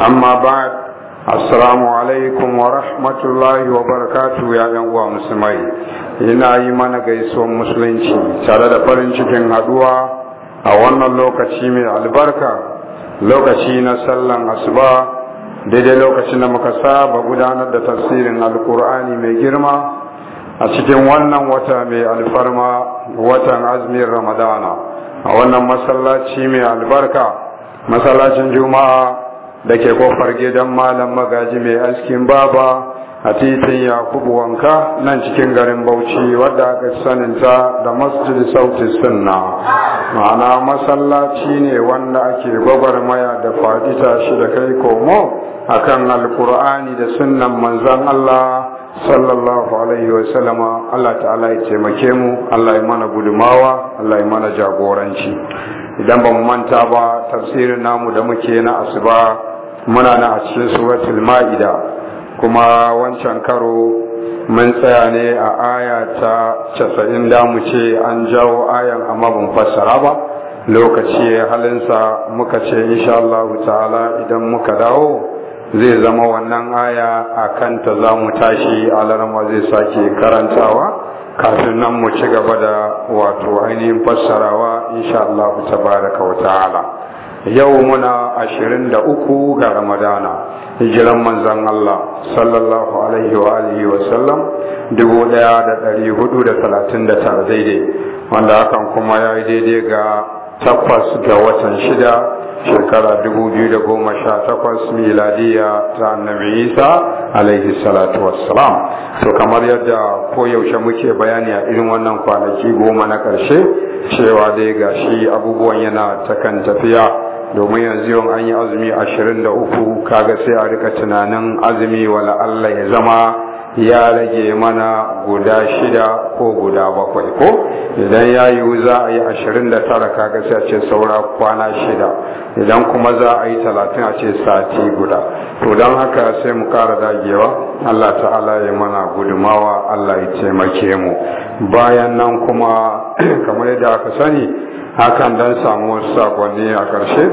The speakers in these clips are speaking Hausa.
amma ba assalamu alaikum wa rahmatullahi wa barakatu ya yan uwa musulmai ina yi mana gaisuwan musulunci tare da farin cikin haɗuwa a wannan lokaci mai albarka lokaci na sallan asuba daidai lokacin na muka saba gudanar da tafsirin alkur'ani mai girma a cikin wannan wata mai alfarma watan azumin ramadana a wannan masallaci mai albarka masallacin juma'a da ke kofar gidan malam magaji mai askin baba a titin yakubu wanka nan cikin garin bauchi wadda aka saninta da masjid sauti sunna ma'ana masallaci ne wanda ake maya da fadita shi da kai komo A akan alkur'ani da sunnan manzan allah sallallahu alaihi wa Allah ta'ala ya taimake mu Allah ya mana gudumawa Allah ya mana jagoranci idan ba mu manta ba tafsirin namu da muke na asuba muna na a cikin suratul ma'ida kuma wancan karo mun tsaya ne a aya ta casa'in da mu ce an jawo ayan amma ban fassara ba lokaci halinsa muka ce insha Allah ta'ala idan muka dawo zai zama wannan aya a kanta za mu tashi alarma zai sake karantawa kafin nan mu ci gaba da wato ainihin fassarawa insha Allah ta'ala yau muna ashirin da uku ga ramadana hijiran manzan Allah sallallahu alaihi wa alihi wa sallam dubu daya da dari hudu da talatin da tara daidai wanda hakan kuma ya yi daidai ga takwas ga watan shida shekara 2018 miladiya ta annabi isa alaihi salatu wassalam to kamar yadda koyaushe muke bayani a irin wannan kwanaki goma na ƙarshe cewa dai gashi abubuwan yana ta kan tafiya domin yanzu yau an yi azumi ashirin da uku kaga sai a rika tunanin azumi wala Allah ya zama ya rage mana guda shida ko guda bakwai ko idan ya yiwu za a yi ashirin da tara kaga sai a ce saura kwana shida idan kuma za a yi talatin a ce sati guda to don haka sai mu kara dagewa Allah ta'ala ya mana gudumawa Allah ya taimake mu bayan nan kuma kamar yadda aka sani hakan dan samu wasu sakonni a ƙarshe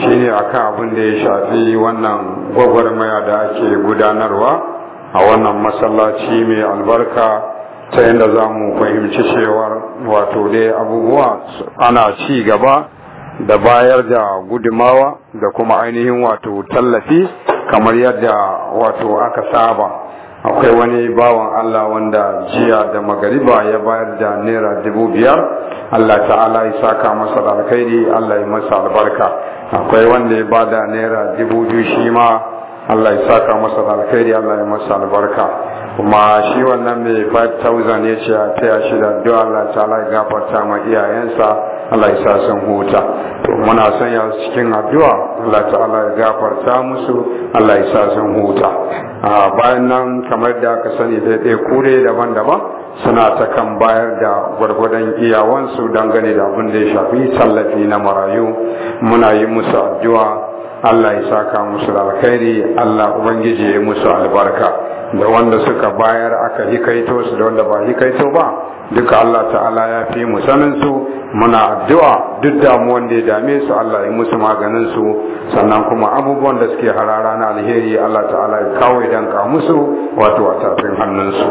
shine akan abin da ya shafi wannan gwagwarmaya da ake gudanarwa a wannan masallaci mai albarka ta yadda za mu fahimci cewar wato dai abubuwa ana ci gaba da bayar da gudumawa da kuma ainihin wato tallafi kamar yadda wato aka saba akwai wani bawan Allah wanda jiya da magariba ya bayar da naira dubu biyar Allah ta'ala ya saka masa da Allah ya masa albarka akwai wanda ya bada naira dubu biyu shi ma Allah ya saka masa alkhairi Allah ya masa albarka kuma shi wannan mai 5000 ya ce a taya shi da duk Allah ta'ala ya gafarta ma iyayensa Allah ya sa sun huta to muna son ya cikin addu'a Allah ta'ala ya gafarta musu Allah ya sa sun huta a bayan nan kamar da aka sani dai kure daban-daban suna ta kan bayar da gwargwadon iyawansu dangane da abin da ya shafi tallafi na marayu muna yi musu addu'a Allah ya saka musu da alkhairi Allah ubangiji ya musu albarka da wanda suka bayar aka hikaito su da wanda ba hikaito ba duka Allah ta'ala ya fi mu sanin su muna addu'a duk damuwan da ya dame su Allah ya musu maganin su sannan kuma abubuwan da suke harara na alheri Allah ta'ala ya kawo idan ka musu wato a tafin hannun su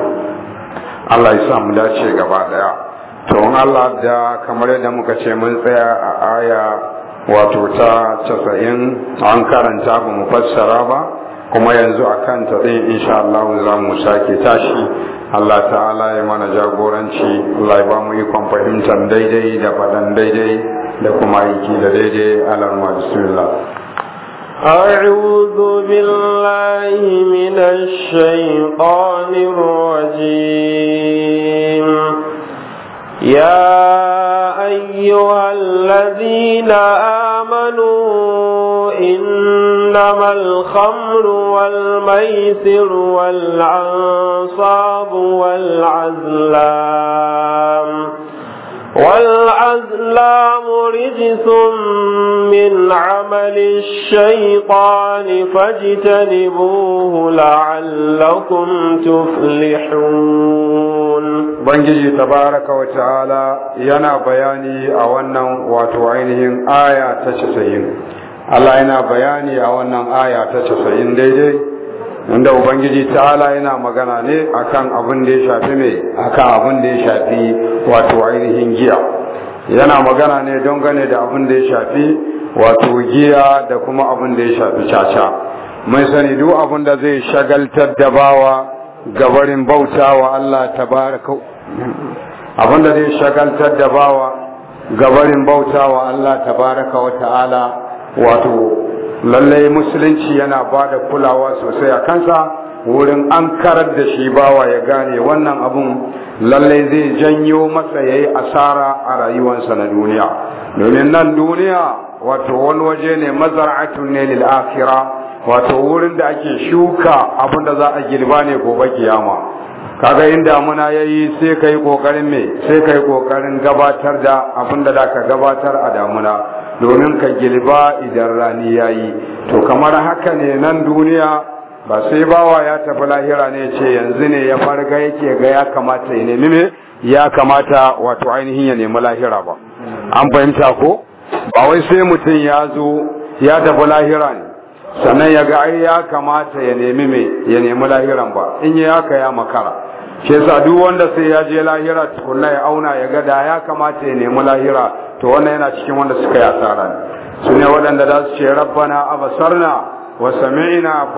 Allah ya sa mu dace gaba daya to in Allah da kamar yadda muka ce mun tsaya a aya wato ta casa'in an karanta ba mu fassara ba kuma yanzu a kanta ɗin insha Allah za mu sake tashi Allah ta'ala ya mana jagoranci Allah ya ba mu ikon fahimtar daidai da faɗan daidai da kuma aiki da daidai alarma bismillah أعوذ بالله من الشيطان الرجيم يا أيها الذين آمنوا قالوا إنما الخمر والميسر والعنصاب والعزلام والأزلام رجس من عمل الشيطان فاجتنبوه لعلكم تفلحون بنجي تبارك وتعالى ينا بياني أولا وتعينهم آية تشسين Allah yana bayani a wannan aya ta casa'in daidai wanda ubangiji ta'ala yana magana ne akan abin da ya shafi mai akan abin da ya shafi wato ainihin giya yana magana ne don gane da abin da ya shafi wato giya da kuma abin da ya shafi caca mai sani duk abin da zai shagaltar da bawa gabarin bauta wa Allah baraka abin da zai shagaltar da bawa gabarin bauta wa Allah baraka wa ta'ala wato lallai musulunci yana bada kulawa sosai a kansa wurin an karar da shi bawa ya gane wannan abun lallai zai janyo masa ya yi asara a rayuwansa na duniya domin nan duniya wato wani waje ne mazar'atun ne lil'afira wato wurin da ake shuka abin da za a girba ne gobe kiyama kaga in damuna yi sai ka yi kokarin me sai ka yi kokarin gabatar da abin da ka gabatar a damuna domin ka gilba idan rani ya yi to kamar haka ne nan duniya ba sai bawa ya tafi lahira ne ce yanzu ne ya farga yake ga ya kamata ya nemi ne ya kamata wato ainihin ya nemi lahira ba an fahimta ko ba wai sai mutum ya zo ya tafi lahira ne sannan ya ga ai ya kamata ya nemi me ya nemi lahiran ba in ya haka ya makara shi yasa duk wanda sai ya je lahira tukunna ya auna ya gada ya kamata ya nemi lahira to wannan yana cikin wanda suka yi asara su ne waɗanda za su ce rabbana abasarna wa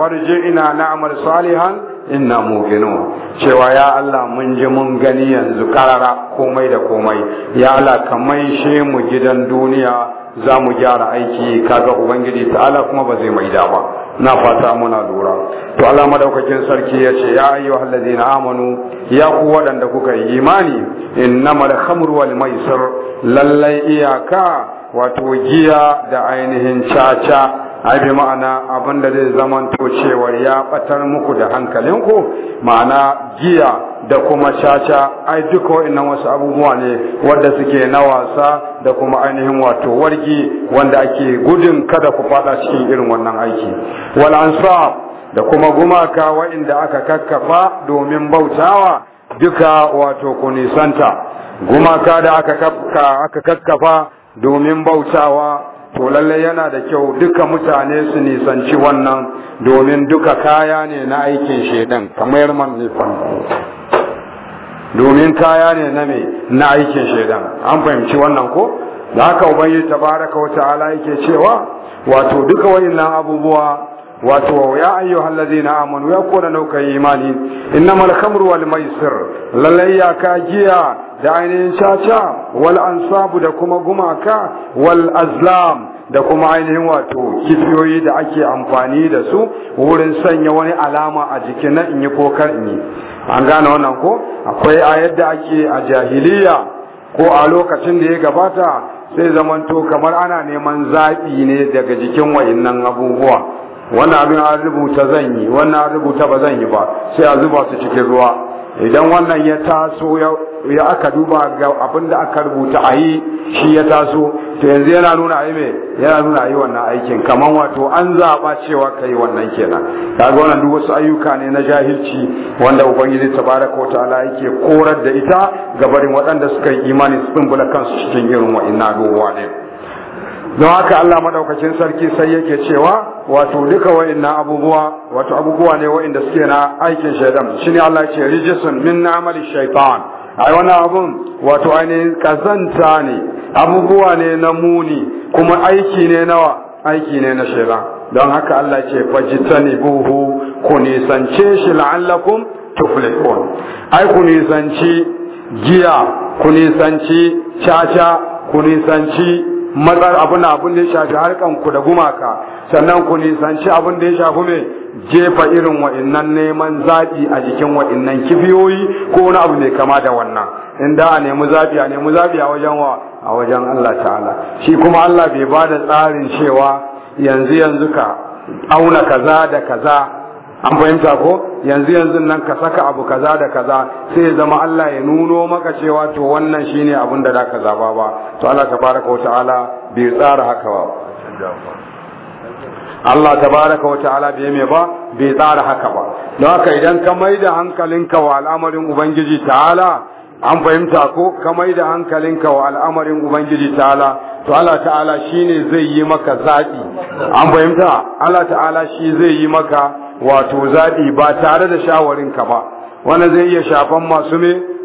farji ina na'mal salihan inna muqinun cewa ya Allah mun ji mun gani yanzu karara komai da komai ya Allah kamai she mu gidan duniya za mu gyara aiki kaga ubangiji ta'ala kuma ba zai maida ba na fata muna lura to Allah madaukakin sarki ya ce ya ayyuhal ladina amanu ya ku waɗanda kuka yi imani innamal khamru wal maisir lallai iyaka wato giya da ainihin caca ai bi ma'ana abin da zai to cewa ya batar muku da hankalinku ma'ana giya da kuma caca ai duk wa'annan wasu abubuwa ne wanda suke na wasa da kuma ainihin wato wargi wanda ake gudun kada ku fada cikin irin wannan aiki wal ansab da kuma gumaka wa'inda aka kakkafa domin bautawa duka wato ku nisanta gumaka da aka kakkafa domin bautawa to lalle yana da kyau duka mutane su nisanci wannan domin duka kaya ne na aikin shedan kamar man nifan domin kaya ne na me na aikin shaidan an fahimci wannan ko da haka ta tabaraka wa ta'ala yake cewa wato duka wayannan abubuwa wato ya ayyu allazina amanu ya kona nauka imani innamal khamru wal maisir lalayya ka giya da ainihin caca wal ansabu da kuma gumaka wal azlam da kuma ainihin wato kifiyoyi da ake amfani da su wurin sanya wani alama a jikin na in yi ko kar in yi an gane wannan ko akwai a yadda ake a jahiliya ko a lokacin da ya gabata sai zamanto kamar ana neman zaɓi ne daga jikin wa'innan abubuwa wannan abin an rubuta zan yi wannan rubuta ba zan yi ba sai a zuba su cikin ruwa idan wannan ya taso ya aka duba ga abin da aka rubuta a yi shi ya taso to yanzu yana nuna a yi mai yana nuna a yi wannan aikin kamar wato an zaɓa cewa ka yi wannan kenan ga wannan duk wasu ayyuka ne na jahilci wanda ubangiji ta ko ta ala yake korar da ita ga waɗanda suka yi imani su tumbula kansu cikin irin waina ruwa ne don haka Allah madaukakin sarki sai yake cewa wato duka wa'annan abubuwa wato abubuwa ne wa'anda suke na aikin shaidan shine Allah ce rijisun min na'amali shaitan ai wannan abun wato ainihin kazanta ne abubuwa ne na muni kuma aiki ne nawa aiki ne na shaidan don haka Allah ce fajitani buhu ku nisance shi la'allakum tuflihun ai ku nisanci giya ku nisanci caca ku nisanci matsar abin abin da ya shafi harkan ku da gumaka sannan ku nisanci abin da ya shafi mai jefa irin wa'innan neman zaɓi a jikin wa'innan kifiyoyi, ko wani abu mai kama da wannan in da a nemi zaɓi a nemi zaɓi a wajen wa a wajen Allah ta'ala shi kuma Allah bai ba da tsarin cewa yanzu yanzu ka auna kaza da kaza an fahimta ko yanzu yanzu nan ka saka abu kaza da kaza sai zama Allah ya nuno maka cewa to wannan shine abin da zaka zaba ba to Allah tabaraka wa ta'ala bai tsara haka ba Allah tabaraka wa ta'ala bai mai ba bai tsara haka ba don haka idan ka maida hankalinka wa al'amarin ubangiji ta'ala an fahimta ko ka maida hankalinka wa al'amarin ubangiji ta'ala to Allah ta'ala shi ne zai yi maka zaɓi an fahimta Allah ta'ala shi zai yi maka wato zaɓi ba tare da shawarinka ba wani zai iya shafan masu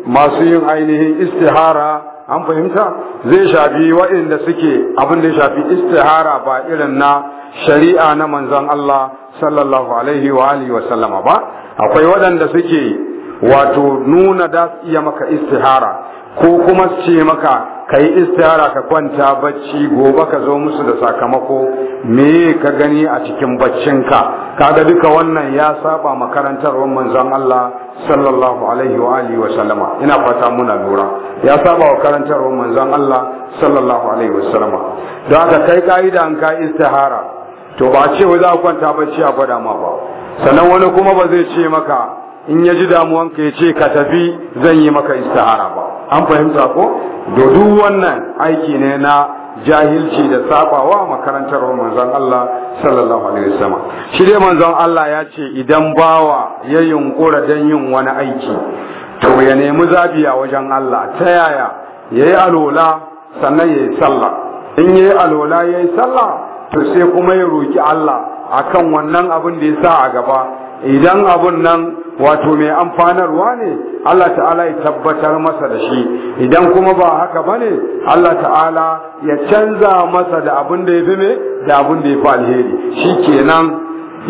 masu yin ainihin istihara an fahimta zai shafi waɗanda suke abin da ya shafi istihara ba irin na shari'a na manzon Allah sallallahu alaihi wa alihi wa sallama ba akwai waɗanda suke wato nuna da iya maka istihara ko kuma su ce maka ka yi istihara ka kwanta bacci gobe ka zo musu da sakamako me ka gani a cikin baccinka kaga duka wannan ya saba makarantarwar manzon Allah sallallahu alaihi wa alihi wa sallama ina fata muna lura ya saba wa karantarwar manzon Allah sallallahu alaihi wa sallama don haka kai ka'ida an ka istihara to ba ce wai za kwanta bacci a gwada ma ba sannan wani kuma ba zai ce maka in ya ji damuwanka ya ce ka tafi zan yi maka istihara ba an fahimta ko duk wannan aiki ne na jahilci da sabawa makarantar manzon Allah sallallahu alaihi wasallam shi dai manzon Allah ya ce idan bawa ya yunkura dan yin wani aiki to ya nemi zabiya wajen Allah ta yaya yayi alola sannan yayi sallah in yayi alola yayi sallah to sai kuma ya roki Allah akan wannan abin da ya sa a gaba idan abun nan wato mai amfanarwa ne Allah ta'ala ya tabbatar masa da shi idan kuma ba haka bane Allah ta'ala ya canza masa da abin da ya fi mai da abin da ya fi alheri shikenan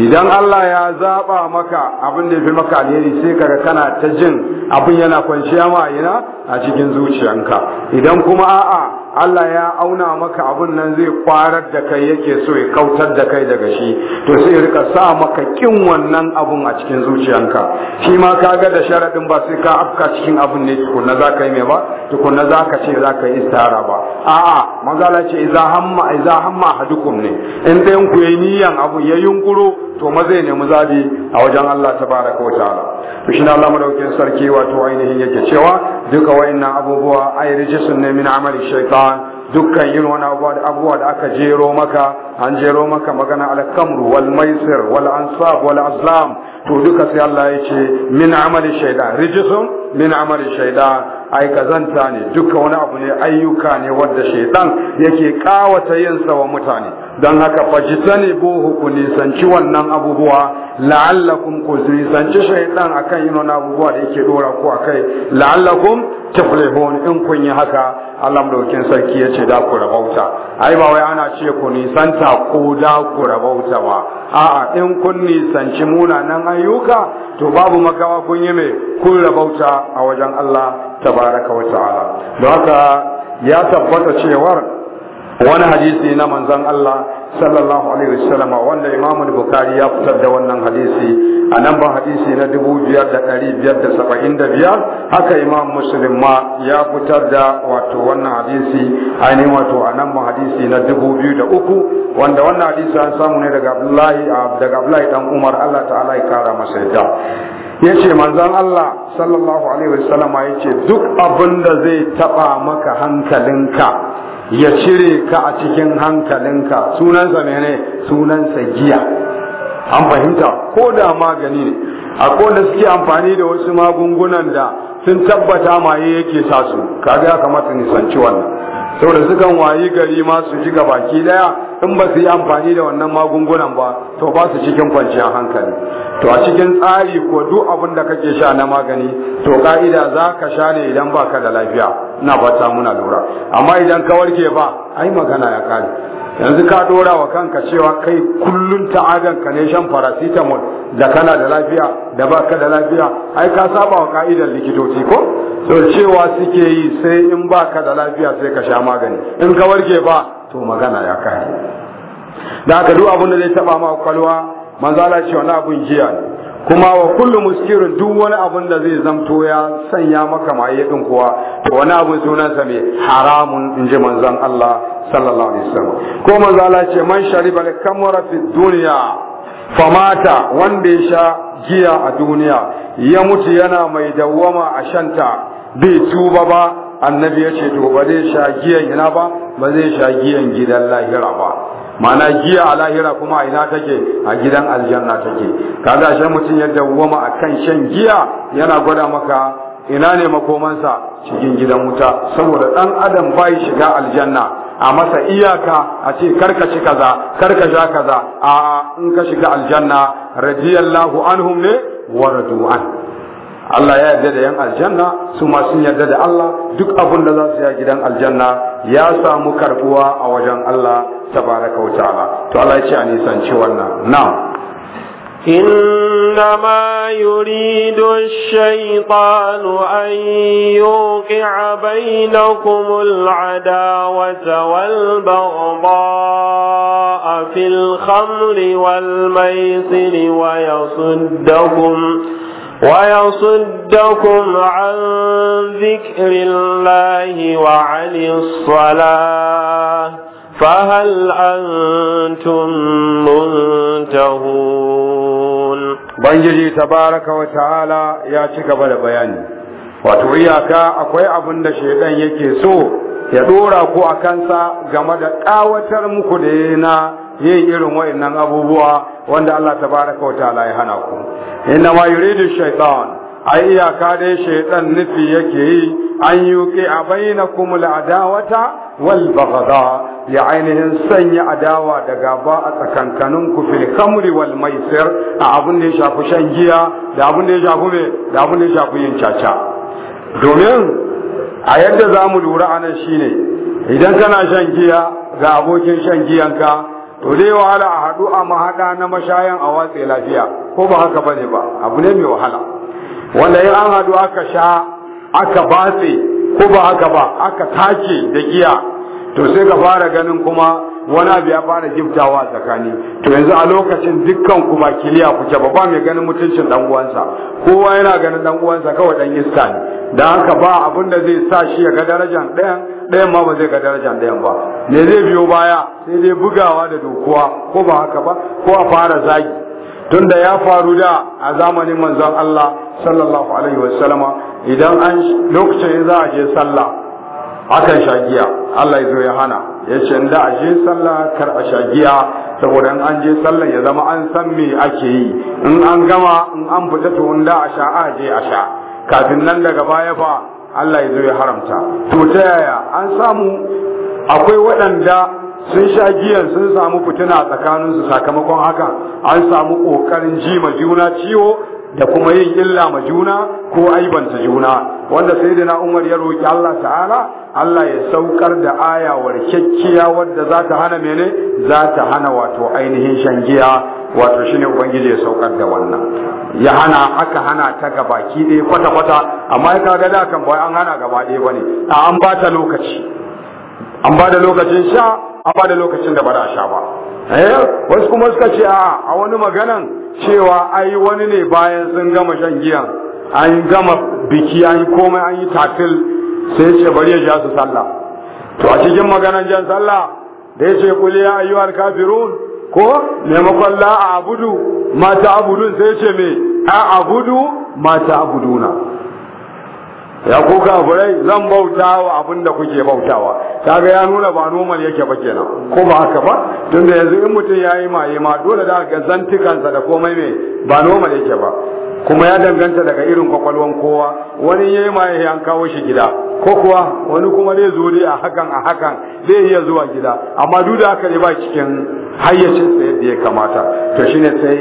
idan Allah ya zaba maka abin da ya fi maka alheri sai kaga kana ta jin abin yana kwanciya ma yana a cikin zuciyanka idan kuma a'a Allah ya auna maka abun nan zai kwarar da kai yake so ya kautar da kai daga shi to sai ya rika sa maka kin wannan abun a cikin zuciyanka shi ma kaga da sharadin ba sai ka afka cikin abun ne tukunna za ka yi mai ba tukunna za ka ce za ka yi istara ba a'a manzala ce idza hamma idza hamma hadukum ne in dai ku yi niyan abu ya yunkuro to ma zai nemi zabi a wajen Allah tabaraka wa ta'ala to shi Allah madaukakin sarki wato ainihin yake cewa duka wayannan abubuwa ay rijisun ne min amali shaytan dukkan yin wani abubuwa da aka jero maka an jero maka magana al-kamru wal maisir wal ansab wal azlam to duka sai Allah ya ce min amali shaida rijisun min amali shaida ai kazanta ne duka wani abu ne ayyuka ne wanda shaidan yake kawata yin sa wa mutane don haka fajitani buhu ku nisanci wannan abubuwa la'allakum ku nisanci shaidan akan yin wani abubuwa da yake dora ku akai la'allakum tuflihun in kun yi haka Allah madaukin sarki ya ce da ku rabauta ai ba wai ana ce ku nisanta ko da ku rabauta ba a'a in kun nisanci munanan ayyuka to babu makawa kun yi mai kun rabauta a wajen Allah tabaraka wa ta'ala don haka ya tabbata cewar wani hadisi na manzan Allah sallallahu alaihi wasallam wanda Imam Bukhari ya fitar da wannan hadisi a nan ba hadisi na 2575 haka Imam Muslim ma ya fitar da wato wannan hadisi Aini wato a nan ba hadisi na 2003 wanda wannan hadisi an samu ne daga Abdullahi daga Abdullahi dan Umar Allah ta'ala ya kara masa yadda ya ce manzan Allah sallallahu alaihi wasallam ya ce duk abin da zai taba maka hankalinka ya cire ka a cikin hankalinka sunansa mene sunansa giya an fahimta ko da magani ne a da suke amfani da wasu magungunan da sun tabbata maye yake sa su kaga ya kamata nisanci wannan saboda sukan wayi gari ma su ji baki daya in ba su yi amfani da wannan magungunan ba to ba su cikin kwanciyar hankali to a cikin tsari ko duk abin da kake sha na magani to ka'ida za ka sha ne idan ba ka da lafiya na fata muna lura amma idan ka warke ba ai magana ya kare yanzu ka dora wa kanka cewa kai kullum ta'adan ka ne shan paracetamol da kana da lafiya da ba ka da lafiya ai ka saba wa ka'idar likitoci ko to cewa suke yi sai in ba ka da lafiya sai ka sha magani in ka warke ba to magana ya kare da aka duk abin da zai taba ma kwalwa manzo Allah ce wani abin jiya ne kuma wa kullu muskirin duk wani abin da zai zamto ya sanya maka maye din kuwa to wani abin sunansa mai haramun in ji manzon Allah sallallahu alaihi wasallam ko manzo Allah ce man shariba kamara fi dunya famata wanda ya sha giya a duniya ya mutu yana mai dawwama a shanta bai tuba ba annabi ya ce to ba zai sha giyan ina ba ba zai sha giyan gidan lahira ba mana giya a lahira kuma a ina take a gidan aljanna take kaga shi mutum ya a akan shan giya yana gwada maka ina ne makomansa cikin gidan wuta saboda dan adam bai shiga aljanna a masa iyaka a ce karka ci kaza karka sha kaza a in ka shiga aljanna radiyallahu anhum ne wa an Allah ya yarda da yan aljanna su ma sun yarda da Allah duk abin da za su ya gidan aljanna ya samu karbuwa a wajen Allah tabaraka wa ta'ala to Allah ya ce a nisanci wannan na'am إنما يريد الشيطان أن يوقع بينكم العداوة والبغضاء في الخمر والميسر ويصدكم ويصدكم عن ذكر الله وعن الصلاة فهل أنتم منتهون بنجي تبارك وتعالى يا شكب البيان wato iyaka akwai abin da shaidan yake so ya dora ku a kansa game da kawatar muku da na yin irin wa'annan abubuwa wanda Allah tabaraka wa ta'ala ya hana ku inna ma yuridu shaytan ai iyaka dai shaidan nufi yake yi an yi ke a bainakum al'adawata wal baghda ya ainihin sanya adawa da gaba a tsakankanin ku fil kamri wal maisir a abin da ya shafi shan giya da abin da ya shafi da abin da ya shafi yin caca domin a yadda za mu lura a nan shine idan kana shan giya ga abokin shan giyanka to dai wahala a haɗu a mahaɗa na mashayan a watsa lafiya ko ba haka bane ba abu ne mai wahala wanda in an haɗu aka sha aka batse ko ba haka ba aka take da giya to sai ka fara ganin kuma wani abu ya fara giftawa tsakani to yanzu a lokacin dukkan kuma kiliya kuke ba ba mai ganin mutuncin dan uwansa kowa yana ganin dan uwansa kawai dan iska ne dan haka ba abin da zai sa shi ya ga darajar ɗayan ɗayan ma ba zai ga darajar ɗayan ba me zai biyo baya sai dai bugawa da dokuwa ko ba haka ba ko a fara zagi tunda ya faru da a zamanin manzon Allah sallallahu alaihi wasallama idan an lokacin za a je sallah akan shagiya Allah ya zo ya hana ya ce da a je sallah kar a shagiya saboda an je sallah ya zama an san me ake yi in an gama in an fita to da a sha a je a sha kafin nan daga baya fa Allah ya zo ya haramta to ta yaya an samu akwai waɗanda sun shagiyan sun samu fitina tsakaninsu sakamakon haka an samu ƙoƙarin jima juna ciwo da kuma yin illa ma juna ko aibanta juna wanda sai na Umar ya roki Allah ta'ala Allah ya saukar da aya warkakkiya wadda za ta hana mene za ta hana wato ainihin shangiya giya wato shine ubangiji ya saukar da wannan ya hana aka hana ta gabaki ɗaya kwata kwata amma ya kaga da kan bai an hana gaba ɗaya bane a an ba ta lokaci an ba da lokacin sha an ba da lokacin da ba da sha ba Eh? wasu kuma suka ce a a wani maganan cewa ai wani ne bayan sun gama shan giyan an gama biki an yi komai an yi takil sai ce bari ya ja su sallah to a cikin maganan jan sallah da ya ce kuli ya ayyuhal kafirun ko maimakon la a abudu mata abudun sai ce me a abudu mata abuduna ya ku kafirai zan bautawa abin da kuke bautawa kaga ya nuna ba normal yake ba kenan ko ba haka ba tunda yanzu in mutum yayi maye ma dole da ga zantikansa da komai mai ba normal yake ba kuma ya danganta daga irin kwakwalwan kowa wani yayi maye an kawo shi gida ko kuwa wani kuma zai zo dai a hakan a hakan zai iya zuwa gida amma duk da haka ne ba cikin hayyacinsa yadda ya kamata to shine sai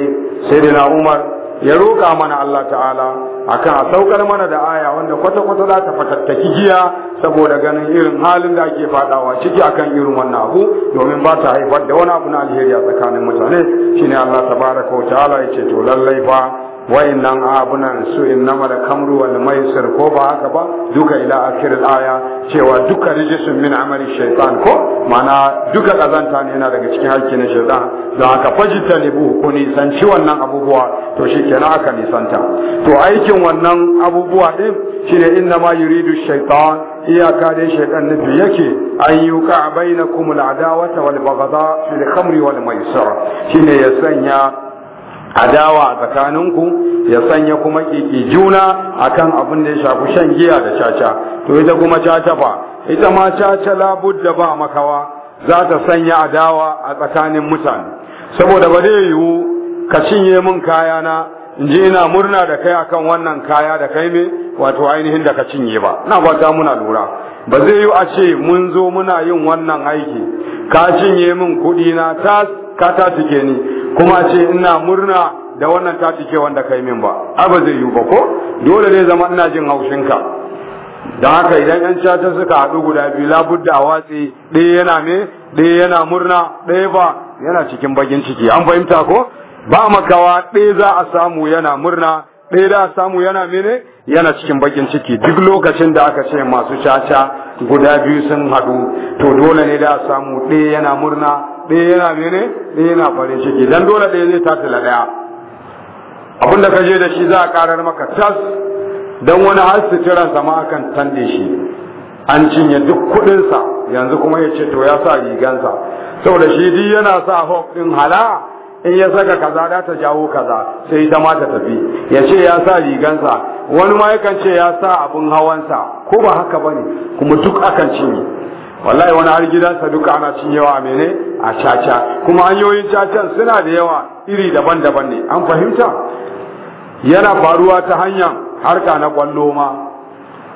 sai da na Umar ya roƙa mana Allah ta'ala akan a saukar mana da aya wanda kwata-kwata za ta fatattaki giya saboda ganin irin halin da ake fadawa ciki akan irin wannan abu domin ba ta haifar da wani abu na alheri a tsakanin mutane shine Allah tabaraka wa ta'ala ya ce to lallai fa wa'annan abunan su innama da kamru wal maisir ko ba haka ba duka ila akhir aya cewa duka rijisun min amali shaytan ko mana duka kazanta ne yana daga cikin hakki na shaytan don haka fajitalibu ku nisanci wannan abubuwa to shikenan aka nisanta to aikin wannan abubuwa din shine innama yuridu shaytan iyaka dai shaytan nufi yake an yuqa bainakum al adawata wal baghda fil khamri wal maisir shine ya sanya adawa a tsakaninku ya sanya kuma kiki juna akan abin da ya shafi shan giya da caca to ita kuma caca fa ita ma caca labudda ba makawa za ta sanya adawa a tsakanin mutane saboda ba zai yiwu ka cinye mun kaya na, in ji ina murna da kai akan wannan kaya da kai me wato ainihin da ka cinye ba na ba ta muna lura ba zai yi a ce mun zo muna yin wannan aiki ka cinye min kuɗi na ta ka tike ni kuma ce ina murna da wannan ta tike wanda kai min ba a ba zai yi ba ko dole ne zama ina jin ka. da haka idan yan cata suka haɗu guda biyu labudda a watsi ɗaya yana me ɗaya yana murna ɗaya ba yana cikin bakin ciki an fahimta ko ba makawa ɗaya za a samu yana murna ɗaya za a samu yana mene yana cikin bakin ciki duk lokacin da aka ce masu caca guda biyu sun haɗu to dole ne da a samu ɗaya yana murna ɗaya yana mene ɗaya yana farin ciki dan dole ɗaya zai tasila ɗaya abin da ka je da shi za a karar maka tas dan wani har sama akan tande shi an cinye duk kuɗinsa yanzu kuma ya ce to ya sa rigansa saboda shi duk yana sa hok ɗin hala in ya saka kaza da ta jawo kaza sai ita ma ta tafi ya ce ya sa rigansa wani ma yakan ce ya sa abun hawansa ko ba haka bane kuma duk akan ne wallahi wani har gidansa duk ana cinyewa a mene a caca kuma hanyoyin cacan suna da yawa iri daban-daban ne an fahimta yana faruwa ta hanyar harka na kwallo ma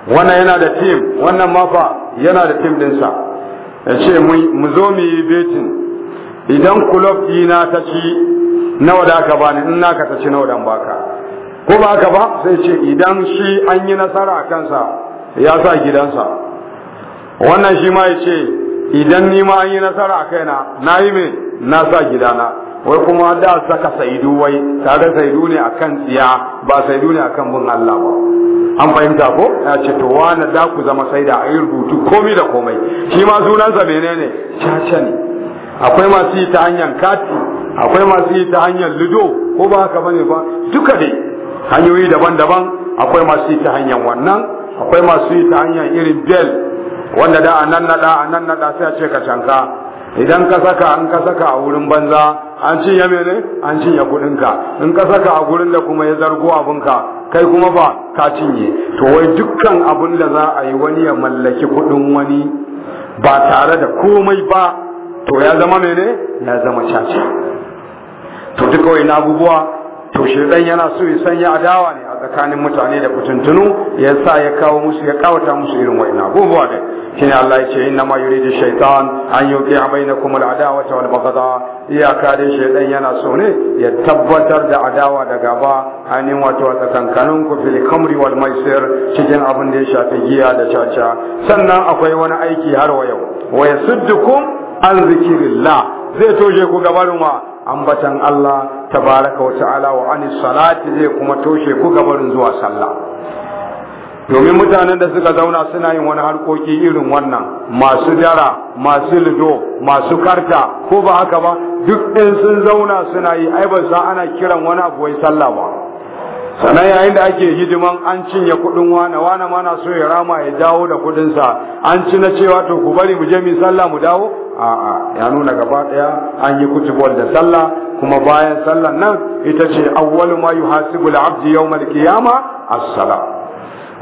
wannan yana da tim wannan mafa yana da tim dinsa ya ce mu zo mu yi betin idan kulob dina ta ci nawa da aka bani in naka ta ci nawa dan baka ko ba ka ba sai ce idan shi an yi nasara a kansa ya sa gidansa wannan shi ma ya ce idan ni ma an yi nasara a kaina na yi me na sa gidana wai kuma da saka saidu wai tare saidu ne akan tsiya ba saidu ne akan bin Allah ba an fahimta ko ya ce to wani da ku zama saida a yi rubutu komai da komai shi ma sunansa menene caca ne akwai masu yi ta hanyar kati akwai masu yi ta hanyar lido ko ba haka bane ba duka dai hanyoyi daban-daban akwai masu yi ta hanyar wannan akwai masu yi ta hanyar irin bel wanda da a nan nada a nan nada sai a ce ka canka idan ka saka an ka saka a wurin banza an cinye mene an cinye ka in ka saka a gurin da kuma ya zargo ka kai kuma ba ka cinye to wai dukkan abin da za a yi wani ya mallaki kudin wani ba tare da komai ba to ya zama mene ya zama caca to duka wai na abubuwa to dan yana so ya sanya adawa ne a tsakanin mutane da kutuntunu ya sa ya kawo musu ya kawata musu irin wai na abubuwa ne ne Allah ya ce inna ma yuridu shaitan an yuqi'a bainakum al wani wal baghdha iyaka dai dan yana so ne ya tabbatar da adawa da gaba ainihin wato a tsakankanin ku fili kamri wal maisir cikin abin da ya shafi giya da caca sannan akwai wani aiki har wa yau wa yasuddukum an zai toshe ku gabarin wa ambatan Allah tabaraka wa ta'ala wa anis salati zai kuma toshe ku gabarin zuwa sallah domin mutanen da suka zauna suna yin wani harkoki irin wannan masu dara masu lido masu karta ko ba haka ba duk ɗin sun zauna suna yi ai ba ana kiran wani abu wai sallah ba sannan yayin da ake hidiman an cinye kudin wane wane ma so ya rama ya dawo da sa an ci na cewa to ku bari mu je mu sallah mu dawo a'a ya nuna gaba ɗaya an yi kutubol da sallah kuma bayan sallan nan ita ce awwalu ma yuhasibu al-abdi yawm al-qiyama as-salah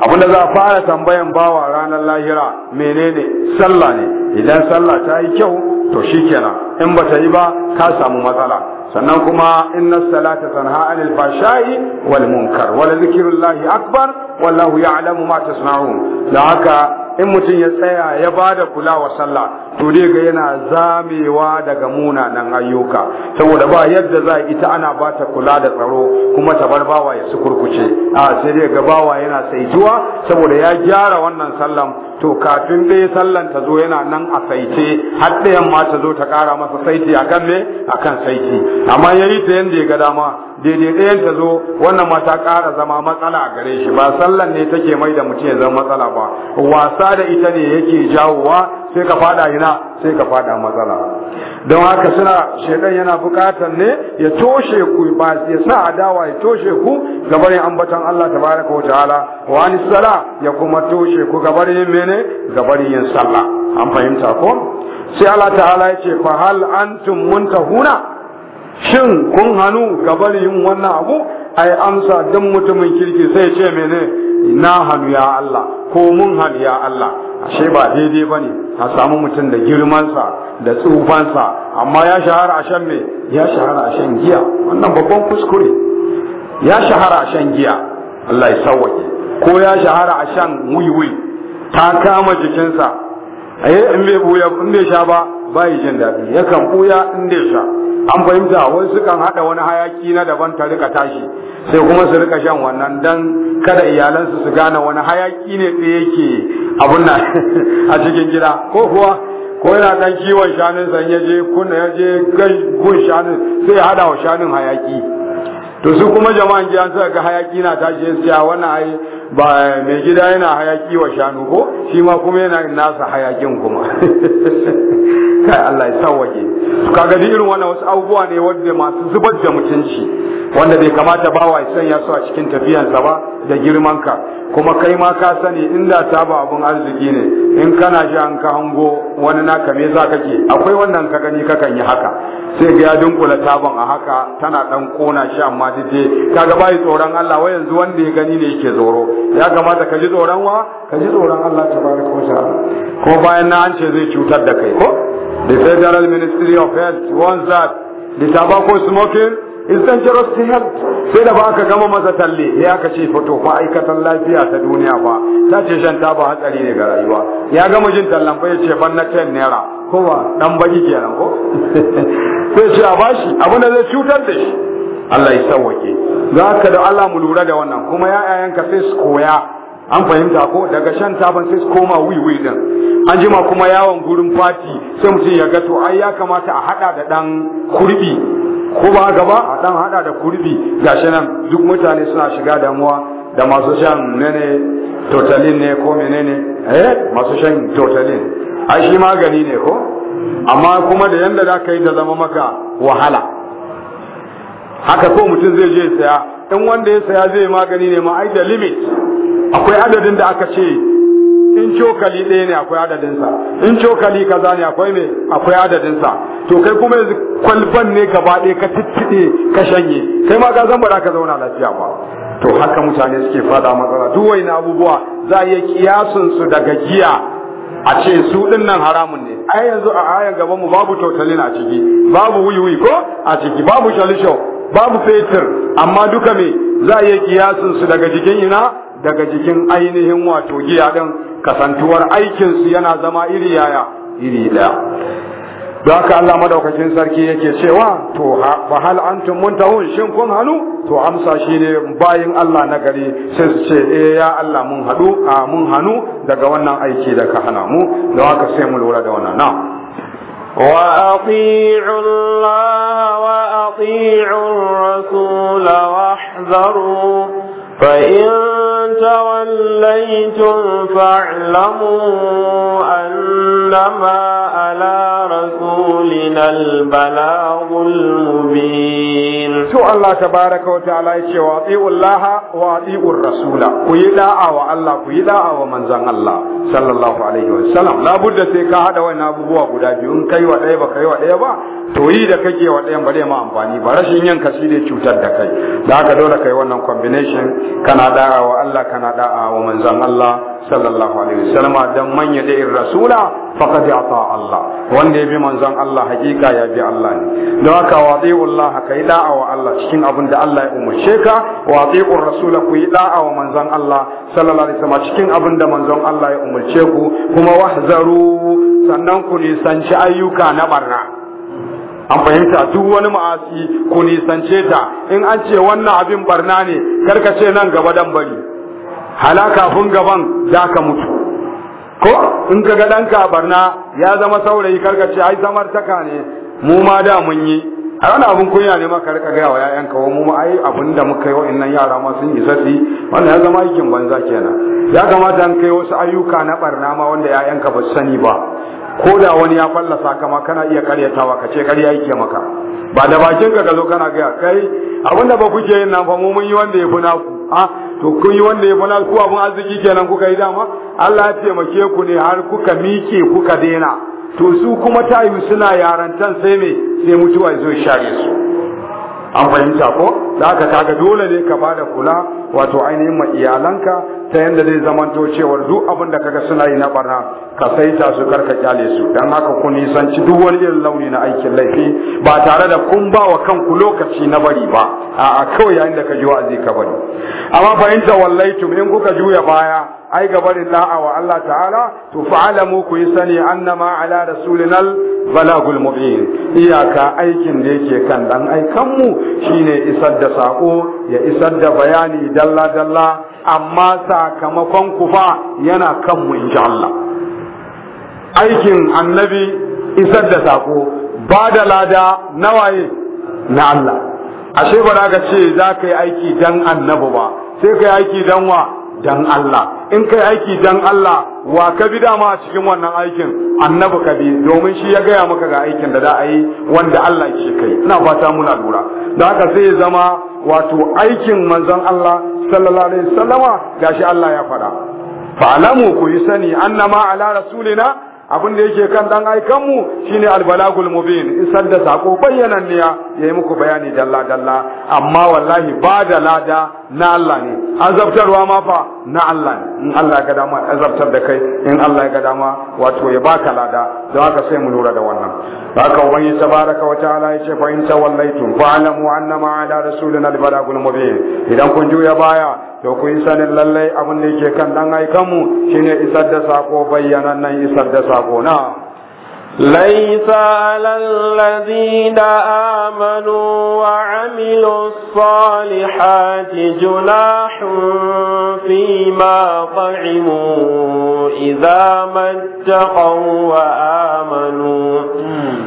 abinda za a fara tambayan bawa ranar lahira menene sallah ne idan sallah ta yi kyau to shikenan in ba ta yi ba ka samu matsala sannan kuma inna salata tanha anil fashai wal munkar wal zikrullahi akbar wallahu ya'lamu ma tasna'un da haka in mutum ya tsaya ya ba da kula wa sallah to dai ga yana zamewa daga munanan ayyuka saboda ba yadda za ita ana ba ta kula da tsaro kuma ta bar bawa ya kurkuce a sai dai ga bawa yana saituwa saboda ya gyara wannan sallan to kafin dai sallan ta zo yana nan a saite har ɗayan ma ta zo ta ƙara masa saiti akan me akan saiti amma yayi ta yanda ya ga dama daidai ɗayan ta zo wannan ma ta ƙara zama matsala a gare shi ba sallan ne take mai da mutum ya zama matsala ba wasa da ita ne yake jawowa sai ka fada ina sai ka fada matsala don haka suna shedan yana bukatar ne ya toshe ku ba ya sa adawa ya toshe ku gabarin ambatan Allah tabaraka wa ta'ala wa ni sala ya kuma toshe ku yin mene gabar yin sallah an fahimta ko sai Allah ta'ala ya ce fa hal antum muntahuna shin kun hanu gabar yin wannan abu ai amsa dan mutumin kirki sai ce mene na hannu ya Allah ko mun hannu ya Allah ashe ba daidai bane a samu mutum da girmansa da tsufansa amma ya shahara a shan me ya shahara a shan giya wannan babban kuskure ya shahara a shan giya Allah ya sawwake ko ya shahara a shan wiwi ta kama jikinsa eh in bai buya in bai sha ba bai jin daɗi yakan ɓuya in dai sha an fahimta wai sukan haɗa wani hayaki na daban ta rika tashi sai kuma su rika shan wannan dan kada iyalansu su gane wani hayaki ne da yake abun nan a cikin gida ko kuwa ko yana dan kiwon shanun san ya je kun ya je gun shanun sai ya haɗa wa shanun hayaki to su kuma jama'an jiya suka ga hayaki na tashi ya siya wannan ai ba mai gida yana hayaki wa shanu ko shi ma kuma yana nasa hayakin kuma kai Allah ya sawwaje kaga ni irin wannan wasu abubuwa ne wanda masu zubar da mutunci wanda bai kamata ba wa sanya su a cikin tafiyansa ba da girman ka kuma kai ma ka sani inda ta ba abun arziki ne in kana shi an ka hango wani naka me za ke, akwai wannan ka gani kakan yi haka sai ga ya dunkula tabon a haka tana dan kona shi amma dai kaga bai tsoron Allah wai yanzu wanda ya gani ne yake tsoro ya kamata ka ji tsoron wa ka ji tsoron Allah tabaraka wa ta'ala ko bayan na an ce zai cutar da kai ko the federal ministry of health wants that the tobacco smoking is dangerous to health sai da ba aka gama masa talle ya aka ce fito ma'aikatan lafiya ta duniya ba ta ce shan taba hatsari ne ga rayuwa ya gama jin tallan fa ya ce ban na 10 naira kowa dan baki kenan ko sai ce a bashi abinda zai cutar da shi Allah ya sauwake za ka da Allah mu lura da wannan kuma yayanka sai su koya an fahimta ko daga shan taban sai su koma wiwi din an jima kuma yawon gurin fati sai mutum ya ga to ai ya kamata a hada da dan kurbi ko ba gaba a dan hada da kurbi gashi nan duk mutane suna shiga damuwa da masu shan nene totalin ne ko menene eh masu shan totalin ai shi magani ne ko amma kuma da yanda za ka yi ta zama maka wahala haka ko mutum zai je saya in wanda ya saya zai magani ne ma limit akwai adadin da aka ce in cokali ɗaya ne akwai adadinsa in cokali kaza ne akwai ne akwai adadinsa to kai kuma yanzu kwalban ne gaba ɗaya ka tittiɗe ka shanye kai ma ka zan ka zauna lafiya ba to haka mutane suke faɗa matsala duk wani abubuwa za a iya kiyasunsu daga giya a ce su din nan haramun ne ai yanzu a ayan gaban mu babu totalin a ciki babu wuyi-wuyi ko a ciki babu shalishau babu fetur amma duka me za a yi kiyasin su daga jikin ina daga jikin ainihin wato giya din kasantuwar aikinsu yana zama iri yaya iri ɗaya. don haka Allah madaukakin sarki yake cewa to fa hal antum muntahun shin kun halu to amsa shine bayin Allah na gari sai su ce eh ya Allah mun hadu a mun hanu daga wannan aiki da ka hana mu don haka sai mu lura da wannan na'am وأطيعوا الله وأطيعوا الرسول واحذروا فإن توليتم فاعلموا أنما على رسولنا البلاغ المبين شو الله تبارك وتعالى يشوى أطيعوا الله وأطيعوا الرسول كيلا أو الله كيلا أو من زن الله صلى الله عليه وسلم لا بد سيكا هذا وين أبو بوا بودا جون كي وأيبا كي وأيبا to yi da kake wa ɗayan ba zai ma amfani ba rashin yin kasi da cutar da kai da haka dole kai wannan combination kana da'a wa Allah kana da'a wa manzon Allah sallallahu alaihi wasallam dan manya yada rasula faqad ata Allah wanda ya bi manzon Allah hakika ya bi Allah ne don haka wadi'u Allah ka yi da'a wa Allah cikin abin da Allah ya umarce ka wadi'u rasul ku yi da'a wa manzon Allah sallallahu alaihi wasallam cikin abin da manzon Allah ya umarce ku kuma wahzaru sannan ku nisanci ayyuka na barna an fahimta duk wani ma'asi ku nisance ta in an ce wannan abin barna ne karka ce nan gaba dan bari hala kafin gaban za ka mutu ko in ka ga ɗanka a barna ya zama saurayi karka ce ai zamar taka ne mu ma da mun yi a wani abin kunya ne ma ka rika gaya wa ƴaƴanka wa mu ai abin da muka yi wa yara ma sun isa su wannan ya zama aikin banza kenan ya kamata an kai wasu ayyuka na barna ma wanda ƴaƴanka ba su sani ba ko da wani ya fallasa kama kana iya karyatawa ka ce karya yake maka ba da bakin ka zo kana ga kai abinda ba kuke yin nan fa mu mun yi wanda ya fi ku a ah, to kun yi wanda ya fi ku abun arziki kenan kuka yi dama Allah ya taimake ku ne har kuka mike kuka dena to su kuma tayu suna yarantan sai me sai mutuwa zo share su an fahimta ko da aka kaga dole ne ka bada kula wato ainihin ma iyalanka ta yanda zai zamanto cewar duk abin da kaga suna yi na barna ka saita su karka kyale su dan haka ku nisanci duk wani irin launi na aikin laifi ba tare da kun ba wa kanku lokaci na bari ba a'a kawai yayin da ka ji wa'azi ka bari amma fahimta wallaitum in kuka juya baya ai gabar la'a wa Allah ta'ala to fa'alamu ku yi sani annama ala rasulinal balagul mubin iyaka aikin da yake kan dan aikanmu shine isar da sako ya isar da bayani dalla dalla amma sakamakon ku fa yana kanmu mu insha Allah aikin annabi isar da sako ba da lada nawaye na Allah ashe ba ka ce za ka yi aiki dan annabi ba sai ka yi aiki dan wa dan Allah in kai aiki dan Allah wa ka bi dama a cikin wannan aikin annabi ka bi domin shi ya gaya maka ga aikin da za a wanda Allah ya ce kai ina fata muna lura da haka sai ya zama wato aikin manzon Allah sallallahu alaihi wasallama gashi Allah ya faɗa fa'lamu ku yi sani annama ala rasulina abin da yake kan dan aikan mu shine albalagul mubin isar da sako ya yi muku bayani dalla dalla amma wallahi ba da lada na Allah ne azabtarwa ma fa na Allah ne in Allah ya ga dama azabtar da kai in Allah ya ga dama wato ya baka lada don haka sai mu lura da wannan haka ubangi tabaraka wa ta'ala ce fa in tawallaitum fa'lamu annama ala rasulina al mubin idan kun juya baya to ku yi sanin lallai abin da yake kan dan aikanmu shine isar da sako nan isar da sako na ليس على الذين آمنوا وعملوا الصالحات جناح فيما طعموا إذا ما اتقوا وآمنوا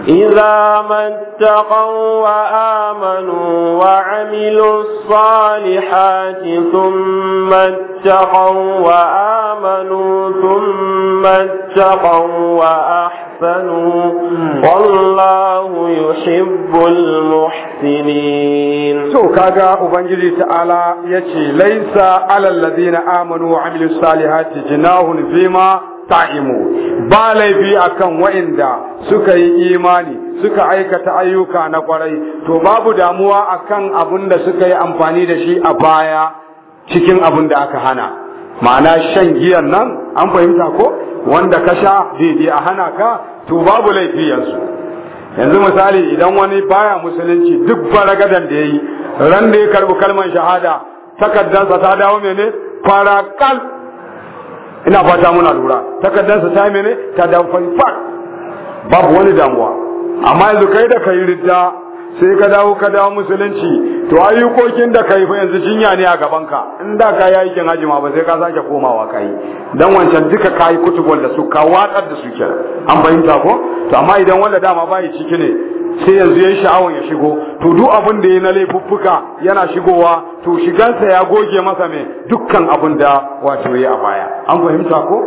إذا ما اتقوا وآمنوا وعملوا الصالحات ثم اتقوا وآمنوا ثم اتقوا وأحسنوا والله يحب المحسنين تو كاغا أبنجلي تعالى يشي ليس على الذين آمنوا وعملوا الصالحات جناه فيما ta'imu ba laifi akan wa'inda suka yi imani suka aikata ayyuka na kwarai to babu damuwa akan abin da suka yi amfani da shi a baya cikin abin da aka hana ma'ana shan giyan nan an fahimta ko wanda ka sha daidai a hana ka to babu laifi yanzu yanzu misali idan wani baya musulunci duk baragadan da ya yi ran da ya karɓi kalmar shahada takardarsa ta dawo mene farakal ina fata muna lura Takaddansa ta mene ta da fanfan babu wani damuwa amma yanzu kai da kai ridda sai ka dawo ka dawo musulunci to ayyukokin da kai fa yanzu jinya ne a gaban ka in da ka yi aikin haji ma ba sai ka sake komawa kai dan wancan duka kai kutubul da su ka watsar da su kenan an fahimta ko to amma idan wanda dama bai ciki ne sai yanzu ya sha'awan ya shigo to duk abin da ya na laifuffuka yana shigowa to shigansa ya goge masa mai dukkan abin da wato ya a baya an fahimta ko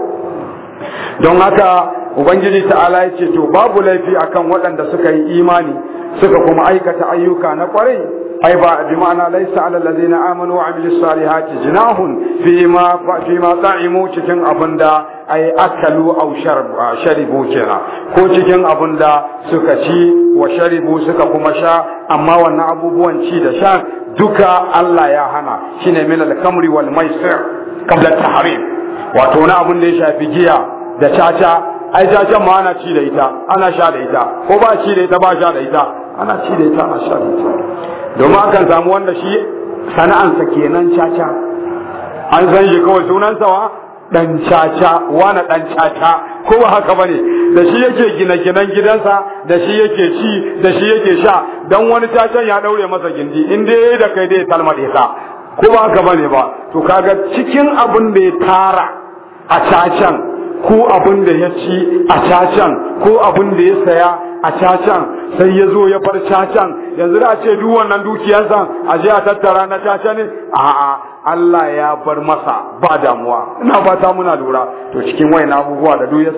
don haka ubangiji ta'ala ya ce to babu laifi akan waɗanda suka yi imani suka kuma aikata ayyuka na kwarai أي بمعنى ليس على الذين آمنوا وعملوا الصالحات جناح فيما فيما طعموا cikin abin da ai akalu au sharibu kenan ko cikin abin da suka ci wa sharibu suka kuma sha amma wannan abubuwan ci da sha duka Allah ya hana shine min al-kamri wal maisir qabla tahrim wato na abin da ya shafi giya da caca ai caca ma ana ci da ita ana sha da ita ko ba ci da ita ba sha da ita ana ci da ita ana sha da ita domin akan samu wanda shi sana'ansa kenan caca an san shi kawai sunansa wa dan caca wani dan caca ko ba haka bane da shi yake gina ginen gidansa da shi yake ci da shi yake sha dan wani cacan ya daure masa gindi in dai da kai dai talmade ka ko ba haka bane ba to kaga cikin abin da ya tara a cacan ko abin da ya ci a cacan ko abin da ya saya a cacan sai ya zo ya bar cacan yanzu da ce duk wannan dukiyarsa a je a tattara na caca ne a'a Allah ya bar masa ba damuwa ina fata muna lura to cikin wayan abubuwa da duk ya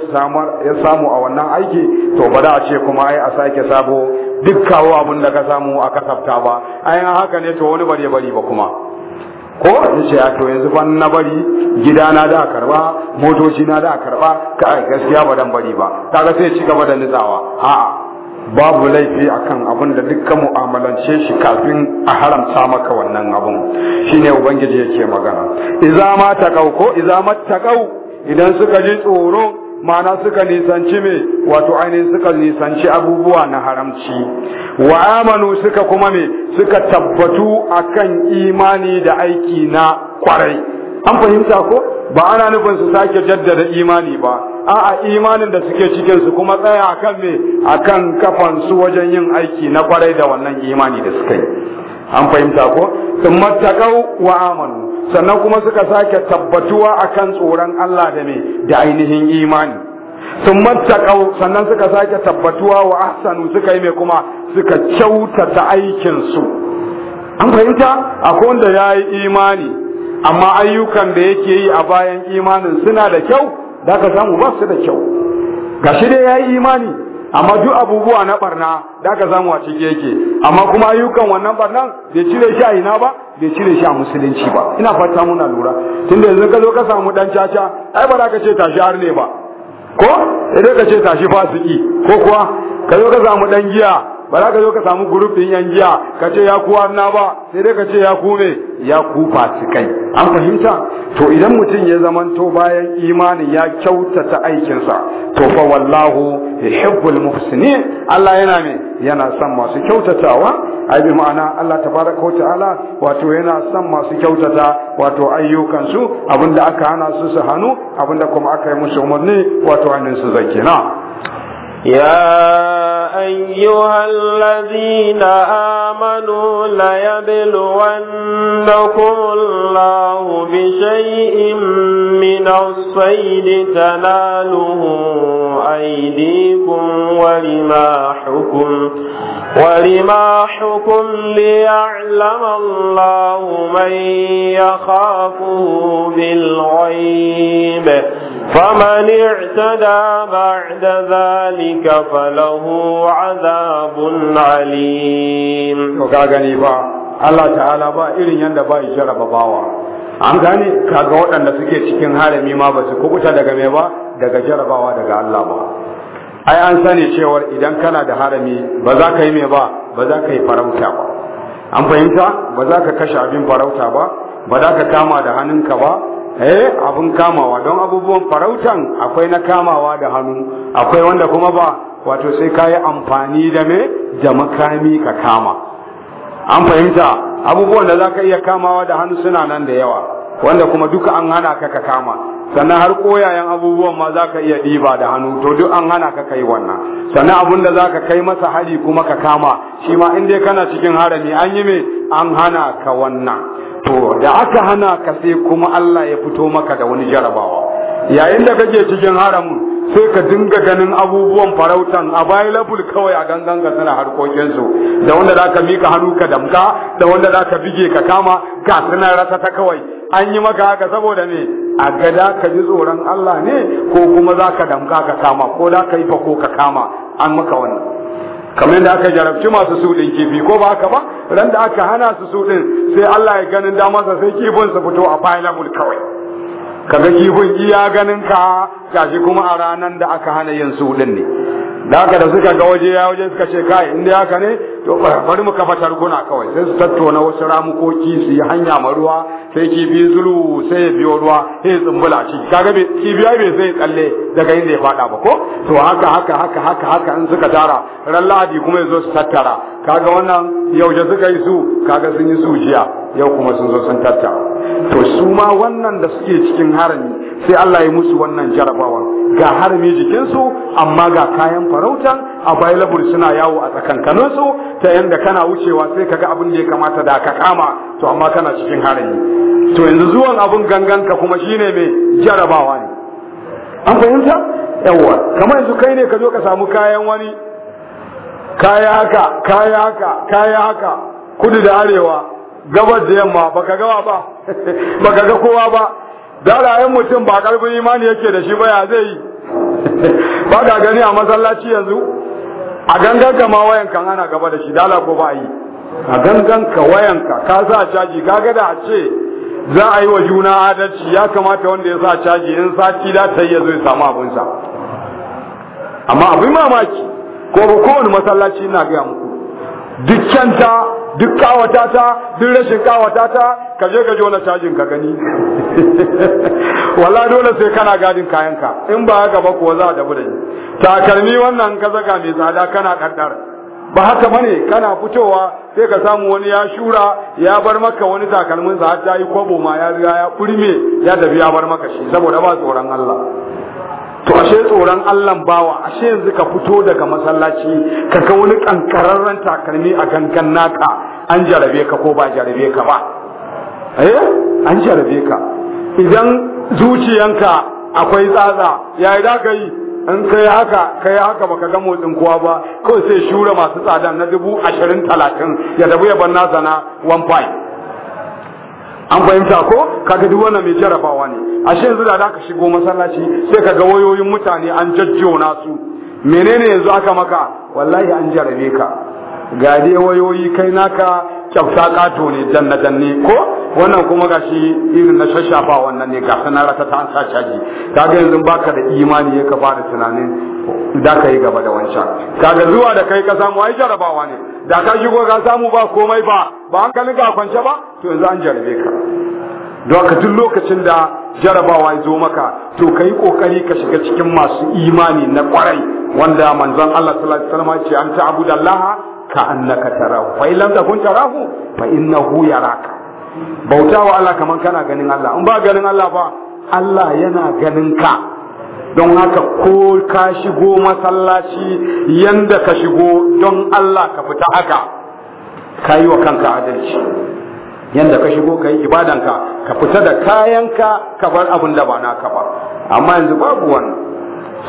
samu a wannan aiki to ba da a ce kuma ai a sake sabo duk kawo abin da ka samu a kasafta ba ai haka ne to wani bare bari ba kuma ko ya ce ya yanzu na bari gida na da karba motoci na da karba ka gaskiya ba dan bari ba kaga sai ci gaba da nitsawa a'a babu laifi akan abin da dukkan mu'amalance shi kafin a haramta maka wannan abin shine ubangiji yake magana idza ma taqau ko idan suka ji tsoro ma'ana suka nisanci me wato ainihin suka nisanci abubuwa na haramci wa amanu suka kuma me suka tabbatu akan imani da aiki na kwarai an fahimta ko ba ana nufin su sake jaddada imani ba a'a imanin da suke cikin su kuma tsaya akan me akan kafan su wajen yin aiki na kwarai da wannan imani da suka yi an fahimta ko wa amanu sannan kuma suka sake tabbatuwa akan tsoron Allah da me da ainihin imani sun mattaqau sannan suka sake tabbatuwa wa ahsanu suka yi mai kuma suka kyautata aikinsu an fahimta akwai wanda ya yi imani amma ayyukan da yake yi a bayan imanin suna da kyau da ka samu ba su da kyau gashi dai ya yi imani amma duk abubuwa na barna da aka samu a ciki yake amma kuma ayyukan wannan barnan bai cire shi a ina ba bai cire shi a musulunci ba ina fata muna lura tun tunda yanzu ka zo ka samu dan caca ai ba za ka ce tashi har ne ba ko idan ka ce tashi fasiki ko kuwa ka zo ka samu dan giya ba za ka zo ka samu din yan giya ka ce ya kuwa na ba sai dai ka ce ya ku ne ya ku fasikai an fahimta to idan mutum ya zamanto bayan imanin ya kyautata aikinsa to fa wallahu yuhibbul muhsinin Allah yana mai. yana son masu kyautatawa ai bi ma'ana Allah tabaraka wa ta'ala wato yana son masu kyautata wato ayyukan su abinda aka hana su su hannu abinda kuma aka yi musu umarni wato hannun su zakina ya أيها الذين آمنوا ليبلونكم الله بشيء من الصيد تناله أيديكم ورماحكم ورماحكم ليعلم الله من يخافه بالغيب فمن اعتدى بعد ذلك فله عذاب عليم gani ba Allah ta'ala ba irin yanda ba ya jaraba bawa an gane kaga waɗanda suke cikin harami ma ba su kubuta daga me ba daga jarabawa daga Allah ba ai an sani cewar idan kana da harami ba za ka yi me ba ba za ka yi farauta ba an fahimta ba za ka kashe abin farauta ba ba za ka kama da hannunka ba eh abun kamawa don abubuwan farautan akwai na kamawa da hannu akwai wanda kuma ba wato sai ka yi amfani da me da makami ka kama an fahimta abubuwan da za ka iya kamawa da hannu suna nan da yawa wanda kuma duka an hana ka ka kama sannan har koyayen abubuwan ma za ka iya ɗiba da hannu to duk an hana ka kai wannan sannan abun da za ka kai masa hali kuma ka kama shi ma in dai kana cikin harami an yi me an hana ka wannan to da aka hana ka sai kuma Allah ya fito maka da wani jarabawa yayin da kake cikin haramun sai ka dinga ganin abubuwan farautan available kawai a gangan ka suna harkokinsu da wanda za ka mika hannu ka damka da wanda za ka bige ka kama ga suna rasa ta kawai an yi maka haka saboda me a gada ka ji tsoron Allah ne ko kuma za ka damka ka kama ko za ka yi fako ka kama an maka wannan kamar da aka jarabci masu suɗin kifi ko ba haka ba ran da aka hana su suɗin sai Allah ya ganin sa sai kifin su fito a mul kawai kaga kifin iya ganin ka gashi kuma a ranan da aka hana yin suɗin ne da haka da suka ga waje ya waje suka ce kai inda haka ne to bari mu kafa targuna kawai sai su tattauna wasu ramukoki su yi hanya maruwa ruwa sai kifi zulu sai ya ruwa sai ya tsumbula ciki kaga bai kifi bai sai tsalle daga inda ya fada ba ko to haka haka haka haka haka in suka tara ran lahadi kuma yazo su tattara kaga wannan yaushe suka yi su kaga sun yi su jiya yau kuma sun zo sun tattara to su ma wannan da suke cikin harami sai Allah ya musu wannan jarabawa ga harami jikinsu amma ga kayan farautan available suna yawo a su ta yanda kana wucewa sai kaga abin da ya kamata da ka kama to amma kana cikin harami to yanzu zuwan abin ka kuma shine mai jarabawa ne an fahimta yawa kamar yanzu kai ne ka zo ka samu kayan wani kaya haka kaya haka kaya haka kudu da arewa gabar da yamma baka gawa ba baka ga kowa ba darayen mutum ba karfin imani yake da shi ba ya zai ba da gani a masallaci yanzu a gangan ka ma wayan kan ana gaba da shi dala ko ba yi a gangan ka wayan ka ka sa caji ga da a ce za a yi wa juna adalci ya kamata wanda ya sa caji in sati da ta ya zo ya samu abinsa amma abin mamaki ko ba kowane masallaci ina gaya muku dukkanta duk kawata ta duk rashin kawata ta ka je ka jona cajin ka gani wala dole sai kana gadin kayanka in ba haka ba kuwa za a dabu da ni takalmi wannan ka saka mai tsada kana kaddar ba haka bane kana fitowa sai ka samu wani ya shura ya bar maka wani takalmin sa har ta yi kwabo ma ya riga ya kurme ya tafi ya bar maka shi saboda ba tsoron Allah to ashe tsoron Allahn bawa ashe yanzu ka fito daga masallaci ka ga wani kankararren takalmi a gangan naka an jarabe ka ko ba jarabe ka ba eh an jarabe ka idan zuciyanka akwai tsatsa yayi yi ka yi in kai haka kai haka baka ga motsin kowa ba kawai sai shura masu tsada na dubu ashirin talatin ya dabu ya bar nasa one five an fahimta ko kaga duk wannan mai jarabawa ne ashe yanzu da ka shigo masallaci sai kaga wayoyin mutane an jajjona su menene yanzu aka maka wallahi an jarabe ka ga dai wayoyi kai naka kyauta kato ne janna danne ko wannan kuma gashi irin na shashafa wannan ne ga sanar ta an sa caji kaga yanzu baka da imani ya ka fara tunanin da ka yi gaba da wancan kaga zuwa da kai ka samu ai jarabawa ne da ka shigo ka samu ba komai ba ba hankalin ka kwance ba to yanzu an jarabe ka don ka duk lokacin da jarabawa ya zo maka to ka yi kokari ka shiga cikin masu imani na kwarai wanda manzon Allah sallallahu alaihi wasallam ce an ta'budallaha ka annaka tarahu fa illam takun tarahu fa innahu yaraka bautawa Allah kaman kana ganin Allah in ba ganin Allah ba Allah yana ganin ka don haka ko ka shigo masallaci yanda ka shigo don Allah ka fita haka ka yi wa kanka adalci yanda ka shigo ka yi ibadanka ka fita da kayanka ka bar abin da ba naka ba amma yanzu babu wannan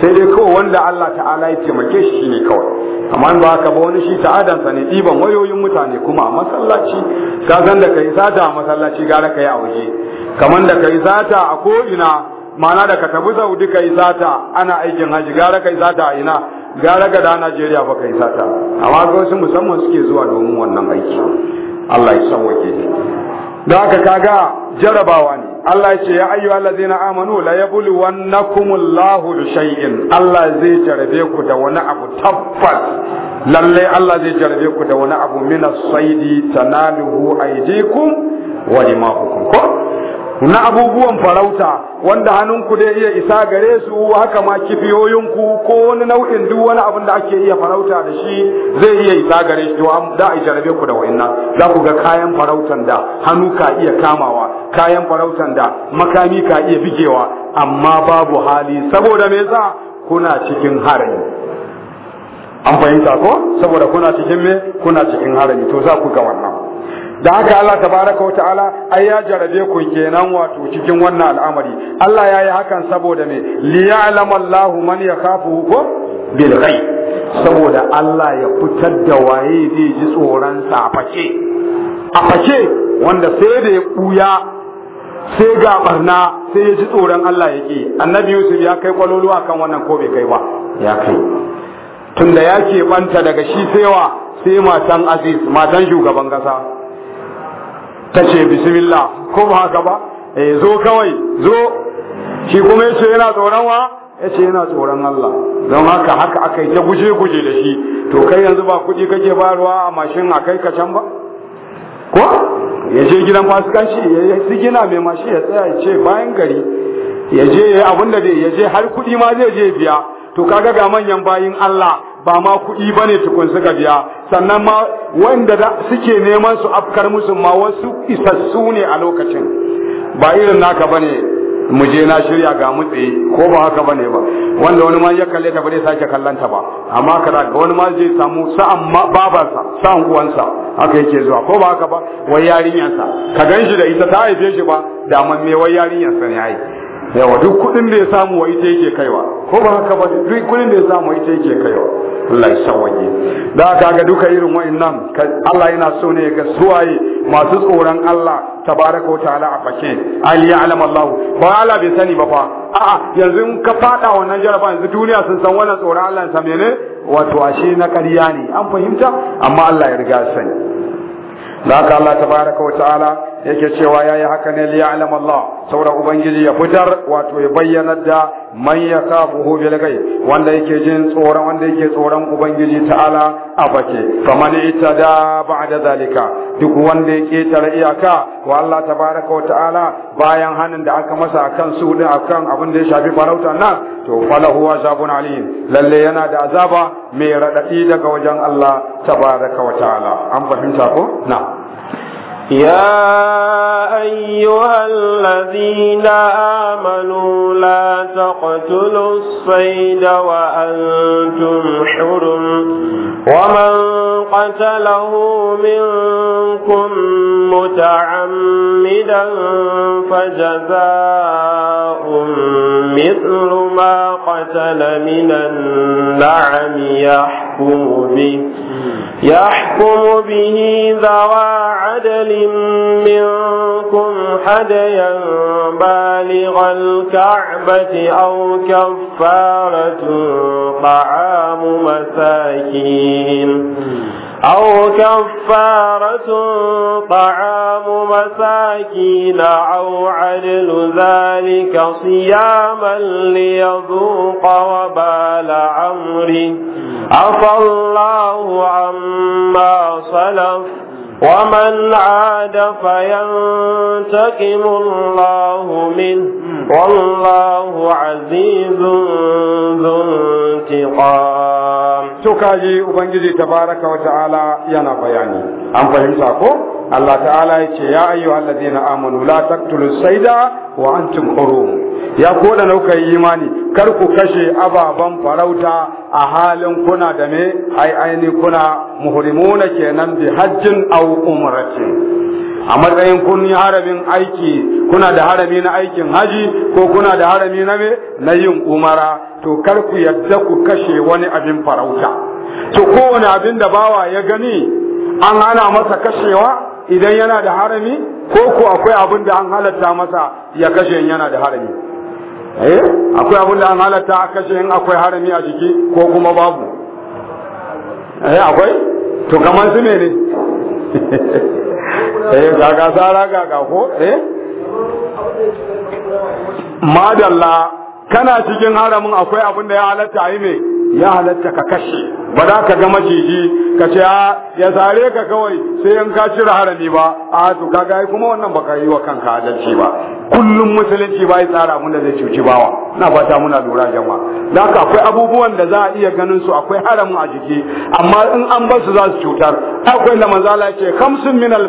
sai dai kawai wanda Allah ta'ala ya taimake shi ne kawai amma ba ka ba wani shi ta'adansa ne ɗiban wayoyin mutane kuma a masallaci ka san da kai sata a masallaci gara ka a waje kamar da kai sata a ko'ina mana da ka tafi zau duka yi sata ana aikin haji gara ka sata a ina gara ga da najeriya ba ka sata amma wasu musamman suke zuwa domin wannan aiki allah ya san wake da haka kaga jarabawa ne Allah ce ya ayyu allazina amanu la yabulu wannakumullahu bi shay'in Allah zai jarabe ku da wani abu tabbas lalle Allah zai jarabe ku da wani abu minas saidi tanaluhu aydikum wa rimahukum ko na abubuwan farauta wanda hannunku dai iya isa gare su haka ma kifiyoyinku ko wani nau'in duk wani abin da ake iya farauta da shi zai iya isa gare shi to da a jarabe ku da wayanna za ku ga kayan farautan da hannu ka iya kamawa kayan farautan da makami ka iya bigewa amma babu hali saboda me yasa kuna cikin harami an fahimta ko saboda kuna cikin me kuna cikin harami to za ku ga wannan da haka Allah tabaraka wa ta'ala ai ya jarabe ku kenan wato cikin wannan al'amari Allah ya yi hakan saboda me li ya'lamu Allahu man yakhafu ko bil saboda Allah ya fitar da waye zai ji tsoron sa a fake a fake wanda sai da ya buya sai ga barna sai ya ji tsoron Allah yake annabi Yusuf ya kai kwaloluwa kan wannan ko bai kai ba ya kai tunda yake banta daga shi sai wa sai matan Aziz matan shugaban kasa ta ce bismillah ko ba haka ba eh zo kawai zo shi kuma yace yana tsoron wa yace yana tsoron Allah don haka haka aka ta guje guje da shi to kai yanzu ba kuɗi kake bayarwa a mashin akai ka can ba ko ya je gidan fasikanci ya yi gina mai mashi ya tsaya ya ce bayan gari ya je ya da ya je har kuɗi ma zai je biya to kaga ga manyan bayin Allah ba ma kuɗi ba ne tukun suka biya sannan ma wanda suke neman su afkar musu ma wasu isassu ne a lokacin ba irin naka ba ne mu je na shirya ga mutse ko ba haka ba ne ba wanda wani ma ya kalle ta ba zai sake kallanta ba amma kada ga wani ma zai samu sa'an babansa sa'an uwansa haka yake zuwa ko ba haka ba wai yarinyarsa ka gan shi da ita ta haife shi ba da man me wai yarinyarsa ne ai yawa duk kudin da ya samu wa ita yake kaiwa ko ba haka ba duk kudin da ya samu wa ita yake kaiwa Allah ya sawaye da aka ga duka irin wa'annan Allah yana so ne ga suwaye masu tsoron Allah tabaraka ta'ala a fashe ali ya'lam Allah ba Allah bai sani ba fa a'a yanzu in ka fada wannan jaraba yanzu duniya sun san wannan tsoron Allah sa mene wato ashe na ƙarya ne an fahimta amma Allah ya riga sani da haka Allah tabaraka ta'ala yake cewa yayi haka ne liya'lam Allah saboda ubangiji ya fitar wato ya bayyana da man yakafuhu bil ghaib wanda yake jin tsoron wanda yake tsoron ubangiji ta'ala a fake faman itada ba'da zalika duk wanda yake tare iyaka wa Allah tabaraka wa ta'ala bayan hanin da aka masa akan su da akan abin da ya shafi farauta nan to huwa azabun alim lalle yana da azaba mai radadi daga wajen Allah tabaraka wa ta'ala an fahimta ko na'am يا أيها الذين آمنوا لا تقتلوا الصيد وأنتم حرم ومن قتله منكم متعمدا فجزاء مثل ما قتل من النعم يحرم يحكم به يحكم به ذوى عدل منكم حديا بالغ الكعبة أو كفارة طعام مساكين أو كفارة طعام مساكين أو عدل ذلك صياما ليذوق وبال عمره عفى الله عما صلف ومن عاد فينتقم الله منه والله عزيز ذو انتقام to kaji ubangiji tabaraka wa ta'ala yana bayani an fahimta ko Allah ta'ala ya ce ya ayyuhallazina amanu la taqtulus sayda wa antum hurum ya koda nauka yi imani kar ku kashe ababan farauta a halin kuna da me ai aini kuna muhrimuna kenan bi hajjin au umrati a matsayin kun yi haramin aiki kuna da harami na aikin haji ko kuna da harami na me na yin umara to kar ku yadda ku kashe wani abin farauta to kowane abin da bawa ya gani an hana masa kashewa idan yana da harami ko ku akwai abin da an halatta masa ya kashe yana da harami eh akwai abin da an halatta a kashe in akwai harami a jiki ko kuma babu eh akwai to kamar su ne ne eh ga ga sara ga ga ko eh madalla kana cikin haramin akwai abin da ya halatta a yi mai ya halatta ka kashe ba za ka ga maciji ka ce a ah, ya sare ka kawai sai in ka cire harami ba a to kaga kuma wannan baka yi wa kanka adalci ba kullum musulunci ba ya tsara mun da zai cuci bawa na fata muna lura jama da ka akwai abubuwan da za a iya ganin su akwai haramun a jiki amma in an bar su za su cutar akwai da manzala ce kamsun min al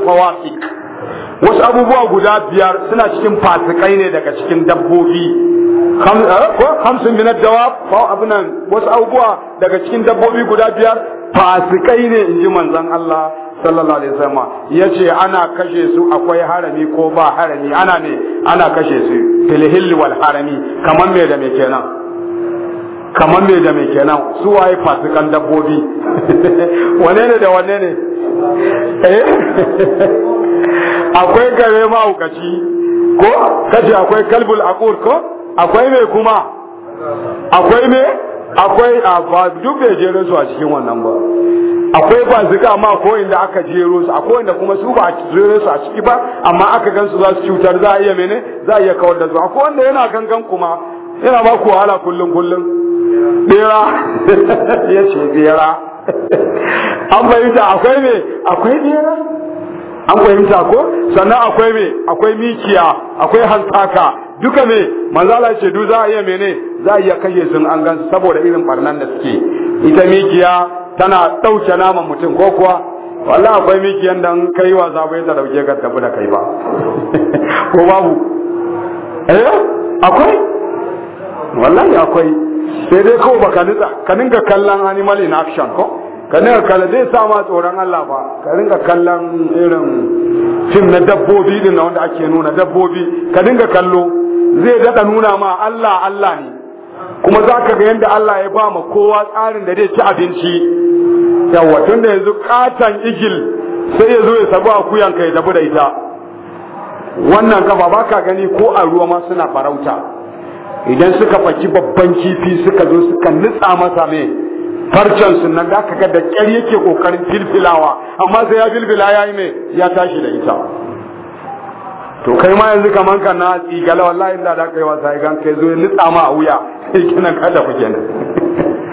wasu abubuwa guda biyar suna cikin fasikai ne daga cikin dabbobi Eh, hamsin min ad-dawab fa nan wasu abubuwa daga cikin dabbobi guda biyar fasikai ne inji manzon Allah sallallahu alaihi wasallam yace ana kashe su akwai harami ko ba harami ana ne ana kashe su fil hilli wal harami kaman me da me kenan kaman me da me kenan su waye fasikan dabbobi wane ne da wane ne eh? akwai gare mahaukaci ko kaje akwai kalbul aqur ko akwai mai kuma akwai mai akwai ah, a duk da jero su a cikin wannan ba akwai ba zika ma ko da aka jero su akwai da kuma su ba a jero su a ciki ba amma aka gansu za su cutar za a iya mene za a iya kawar da su akwai wanda yana gangan kuma yana ba ku wahala kullum kullum bera ya ce bera an fahimta akwai me akwai bera an fahimta ko sannan akwai me akwai mikiya akwai hantaka duka me manzo Allah ce du za a iya mene za a iya kashe sun an gan saboda irin barnan da suke ita mikiya tana ɗauke naman mutum ko kuwa wallahi akwai mikiyan da kai wa za bai ta dauke ka tafi da kai ba ko babu eh akwai wallahi akwai sai dai ko baka nitsa ka dinga kallon animal in action ko ka dinga kallon zai sa ma tsoron Allah ba ka dinga kallon irin fim na dabbobi din na wanda ake nuna dabbobi ka dinga kallo zai daɗa nuna ma Allah Allah ne kuma za ka ga yadda Allah ya ba ma kowa tsarin da zai ci abinci yawa tun da yanzu katon igil sai ya zo ya sabu akuyan ka ya tafi da ita wannan kafa ba ka gani ko a ruwa ma suna farauta idan suka faki babban kifi suka zo suka nitsa masa mai farcen sunan nan da aka ga da ƙyar yake ƙoƙarin filfilawa amma sai ya filfila ya yi mai ya tashi da ita to kai ma yanzu kaman ka na tsigala wallahi inda da kai wasa idan kai zo nitsa ma a wuya sai kina kada ku kenan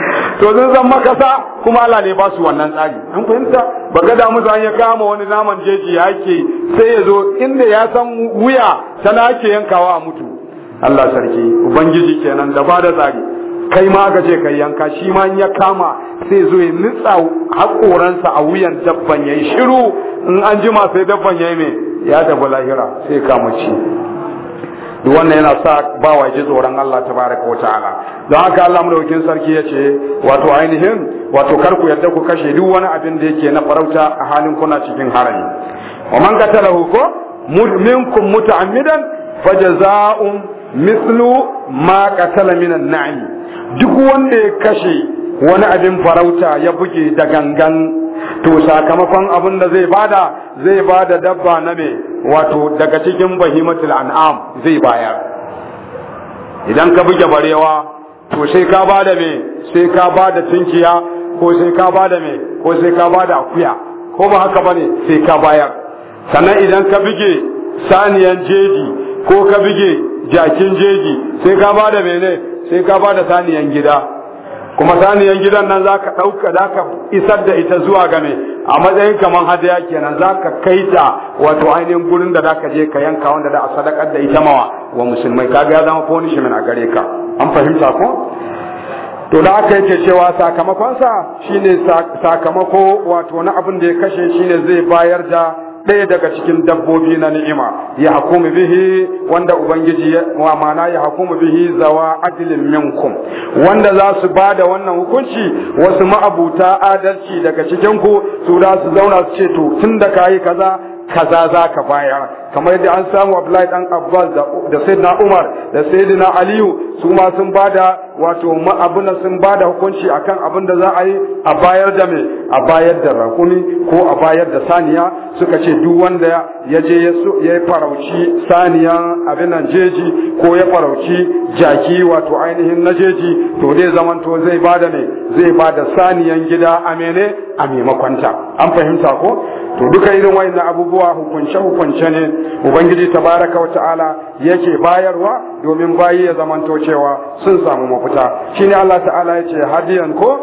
to zan san makasa kuma Allah ne ba su wannan tsari an fahimta ba ga damu zan ya kama wani naman jeji yake sai ya zo inda ya san wuya sana ake yankawa a mutu Allah sarki ubangiji kenan da ba da tsari kai ma ka ce kai yanka shi ma ya kama sai zo ya nitsa hakoransa a wuyan dabban yayi shiru in an jima sai dabban yayi me ya tafi lahira sai kama ci duk wannan yana sa ba wa ji tsoron Allah tabaraka ta'ala don haka Allah mu daukin sarki ya ce wato ainihin wato kar ku yadda ku kashe duk wani abin da yake na farauta a halin kuna cikin harami wa man qatalahu ko minkum muta'ammidan fajaza'un mithlu ma qatala minan na'im duk wanda ya kashe wani abin farauta ya buge da gangan to sakamakon abin da zai bada zai bada dabba na me wato daga cikin bahimatul an'am zai bayar idan ka buge barewa to sai ka bada me sai ka bada tinkiya ko sai ka bada me ko sai ka bada akuya ko ba haka bane sai ka bayar sannan idan ka buge saniyan jeji ko ka buge jakin jeji sai ka bada ne sai ka bada saniyan gida kuma saniyan gidan nan za ka ɗauka dauka ka isar da ita zuwa game, a matsayin yake hadaya kenan ka kai ta wato ainihin gurin da ka je ka yanka wanda da a sadakar da ita mawa wa musulmai kaga ya zama min a gare ka an fahimta ko to da aka yake cewa sakamakonsa shine sakamako wato na abin da ya kashe shine zai bayar da ɗaya daga cikin dabbobi na ni'ima ya hakumu bihi wanda ubangiji wa mana ya hakumu bihi zawa adilin minkum wanda za su ba da wannan hukunci wasu ma'abuta adalci daga cikin ku su za su zauna su ce to tun da kayi kaza kaza za ka baya. kamar yadda an samu Abdullahi dan Abbas da Sayyidina Umar da Sayyidina Aliyu su ma sun bada wato ma sun bada hukunci akan abin da za a yi a bayar da me a bayar da rakumi ko a bayar da saniya suka ce duk wanda ya je ya farauci saniya abin nan jeji ko ya farauci jaki wato ainihin na jeji to dai zamanto zai bada ne zai bada saniyan gida a mene a maimakonta an fahimta ko to duka irin wayannan abubuwa abubuwa hukunce hukunce ne ubangiji tabaraka wa ta'ala yake bayarwa domin bayi ya zamanto cewa sun samu mafita shine Allah ta'ala yace hadiyan ko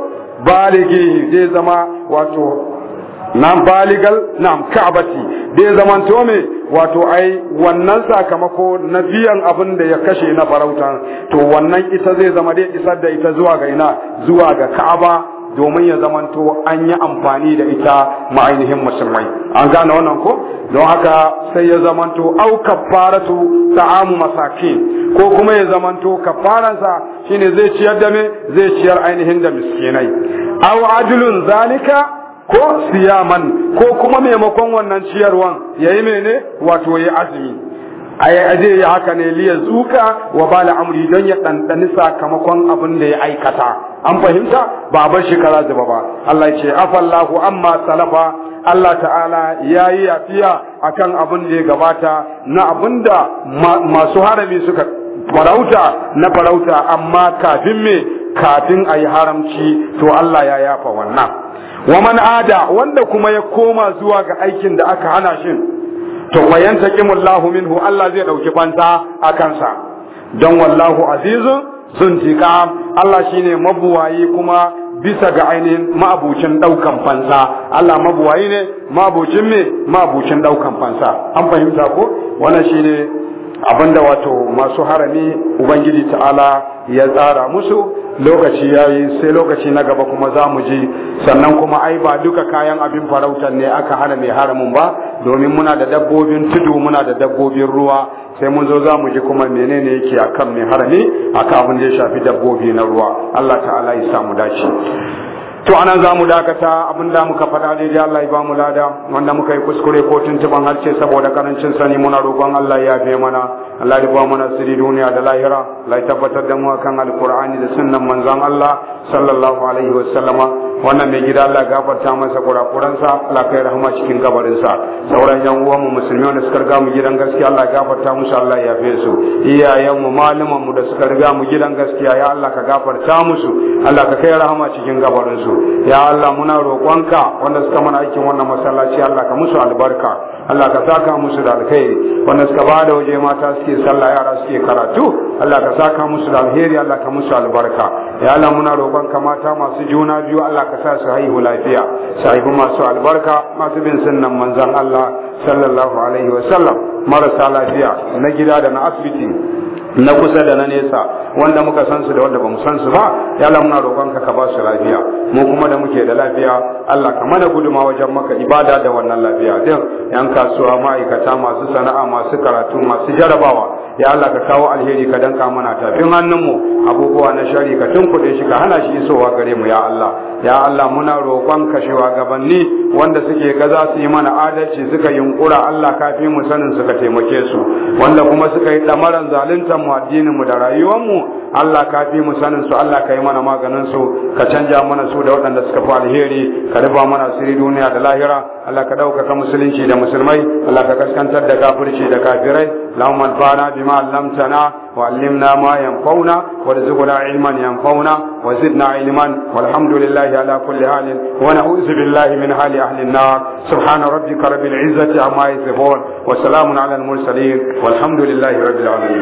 baligi zai zama wato nam baligal nam ka'bati zai zamanto me wato ai wannan sakamako na biyan abin da ya kashe na farauta to wannan ita zai zama dai isar da ita zuwa ga ina zuwa ga ka'aba domin ya zamanto an yi amfani da ita ma'ainihin musulmai an gane wannan ko don haka sai ya zamanto au kafaratu ta'amu masakin ko kuma ya zamanto kafaransa shine zai ciyar da me zai ciyar ainihin da miskinai aw adlun zalika ko siyaman ko kuma maimakon wannan ciyarwan yayi mene wato yayi azumi ai aje ya haka ne liya zuka wa bala amri don ya ɗanɗani sakamakon abin da ya aikata an fahimta ba bar shekara zuba ba Allah ce afallahu amma salafa Allah ta'ala ya yi yafiya akan abin da ya gabata na abin da masu harami suka farauta na farauta amma kafin me kafin a yi haramci to Allah ya yafa wannan wa man ada wanda kuma ya koma zuwa ga aikin da aka hana shi. to wayan takimullahu minhu Allah zai dauki fansa a kansa don wallahu azizun zuntika Allah shine mabuwayi kuma bisa ga ainihin mabucin daukan fansa Allah mabuwayi ne mabucin me mabucin daukan fansa an fahimta ko wannan shine abinda wato masu harami ubangiji ta'ala ya tsara musu lokaci ya yi sai lokaci na gaba kuma za mu ji sannan kuma ai ba duka kayan abin farautar ne aka hana mai haramin ba domin muna da dabbobin tudu muna da dabbobin ruwa sai mun zo za mu ji kuma menene yake akan mai harami akan abin da ya shafi dabbobi na ruwa Allah ta'ala ya samu dace to anan za mu dakata abin da muka faɗa dai da Allah ya ba mu lada wanda muka yi kuskure ko tuntuban harce saboda karancin sani muna roƙon Allah ya yafe mana Allah ya ba mu nasiri duniya da lahira Allah ya tabbatar da mu akan alqur'ani da sunnan manzon Allah sallallahu alaihi wa wannan mai gida Allah gafarta masa kurakuransa Allah kai rahama cikin gabarinsa sauran yan uwan mu musulmi wanda suka riga mu gidan gaskiya Allah gafarta musu Allah ya yafe su iyayen mu malaman mu da suka riga mu gidan gaskiya ya Allah ka gafarta musu Allah ka kai rahama cikin gabarinsu ya Allah muna roƙonka wanda suka mana aikin wannan masallaci Allah ka musu albarka Allah ka saka musu da alkhairi wanda suka ba da waje mata suke sallah yara suke karatu Allah ka saka musu da alheri Allah ka musu albarka ya Allah muna roƙon ka mata masu juna biyu Allah ka sa su haihu lafiya su haihu masu albarka masu bin sunnan manzon Allah sallallahu alaihi wa sallam marasa lafiya na gida da na asibiti na kusa da na nesa wanda muka san su da wanda ba mu san su ba ya Allah muna roƙonka ka ba su lafiya mu kuma da muke da lafiya Allah ka mana guduma wajen maka ibada da wannan lafiya din yan kasuwa ma'aikata masu sana'a masu karatu masu jarabawa ya Allah ka kawo alheri ka danka mana tafin hannunmu abubuwa na shari ka tunkuɗe shi ka hana shi isowa gare mu ya Allah ya Allah muna roƙon ka gabanni wanda suke za su yi mana adalci suka yunkura Allah kafin mu sanin suka taimake su wanda kuma suka yi damaran zaluntar mu addinin mu da rayuwar mu Allah kafi mu sanin su Allah ka yi mana maganin su ka canja mana su da waɗanda suka fi alheri ka rufa mana sirri duniya da lahira Allah ka ɗaukaka musulunci da musulmai Allah ka kaskantar da kafirci da kafirai Allahumma anfa'na bima 'allamtana wa 'allimna ma yanfa'una warzuqna 'ilman yanfa'una wa zidna 'ilman walhamdulillahi ala kulli halin wa na'udzu billahi min hali ahli an-nar subhana rabbika rabbil 'izzati 'amma yasifun wa salamun 'alal mursalin walhamdulillahi rabbil 'alamin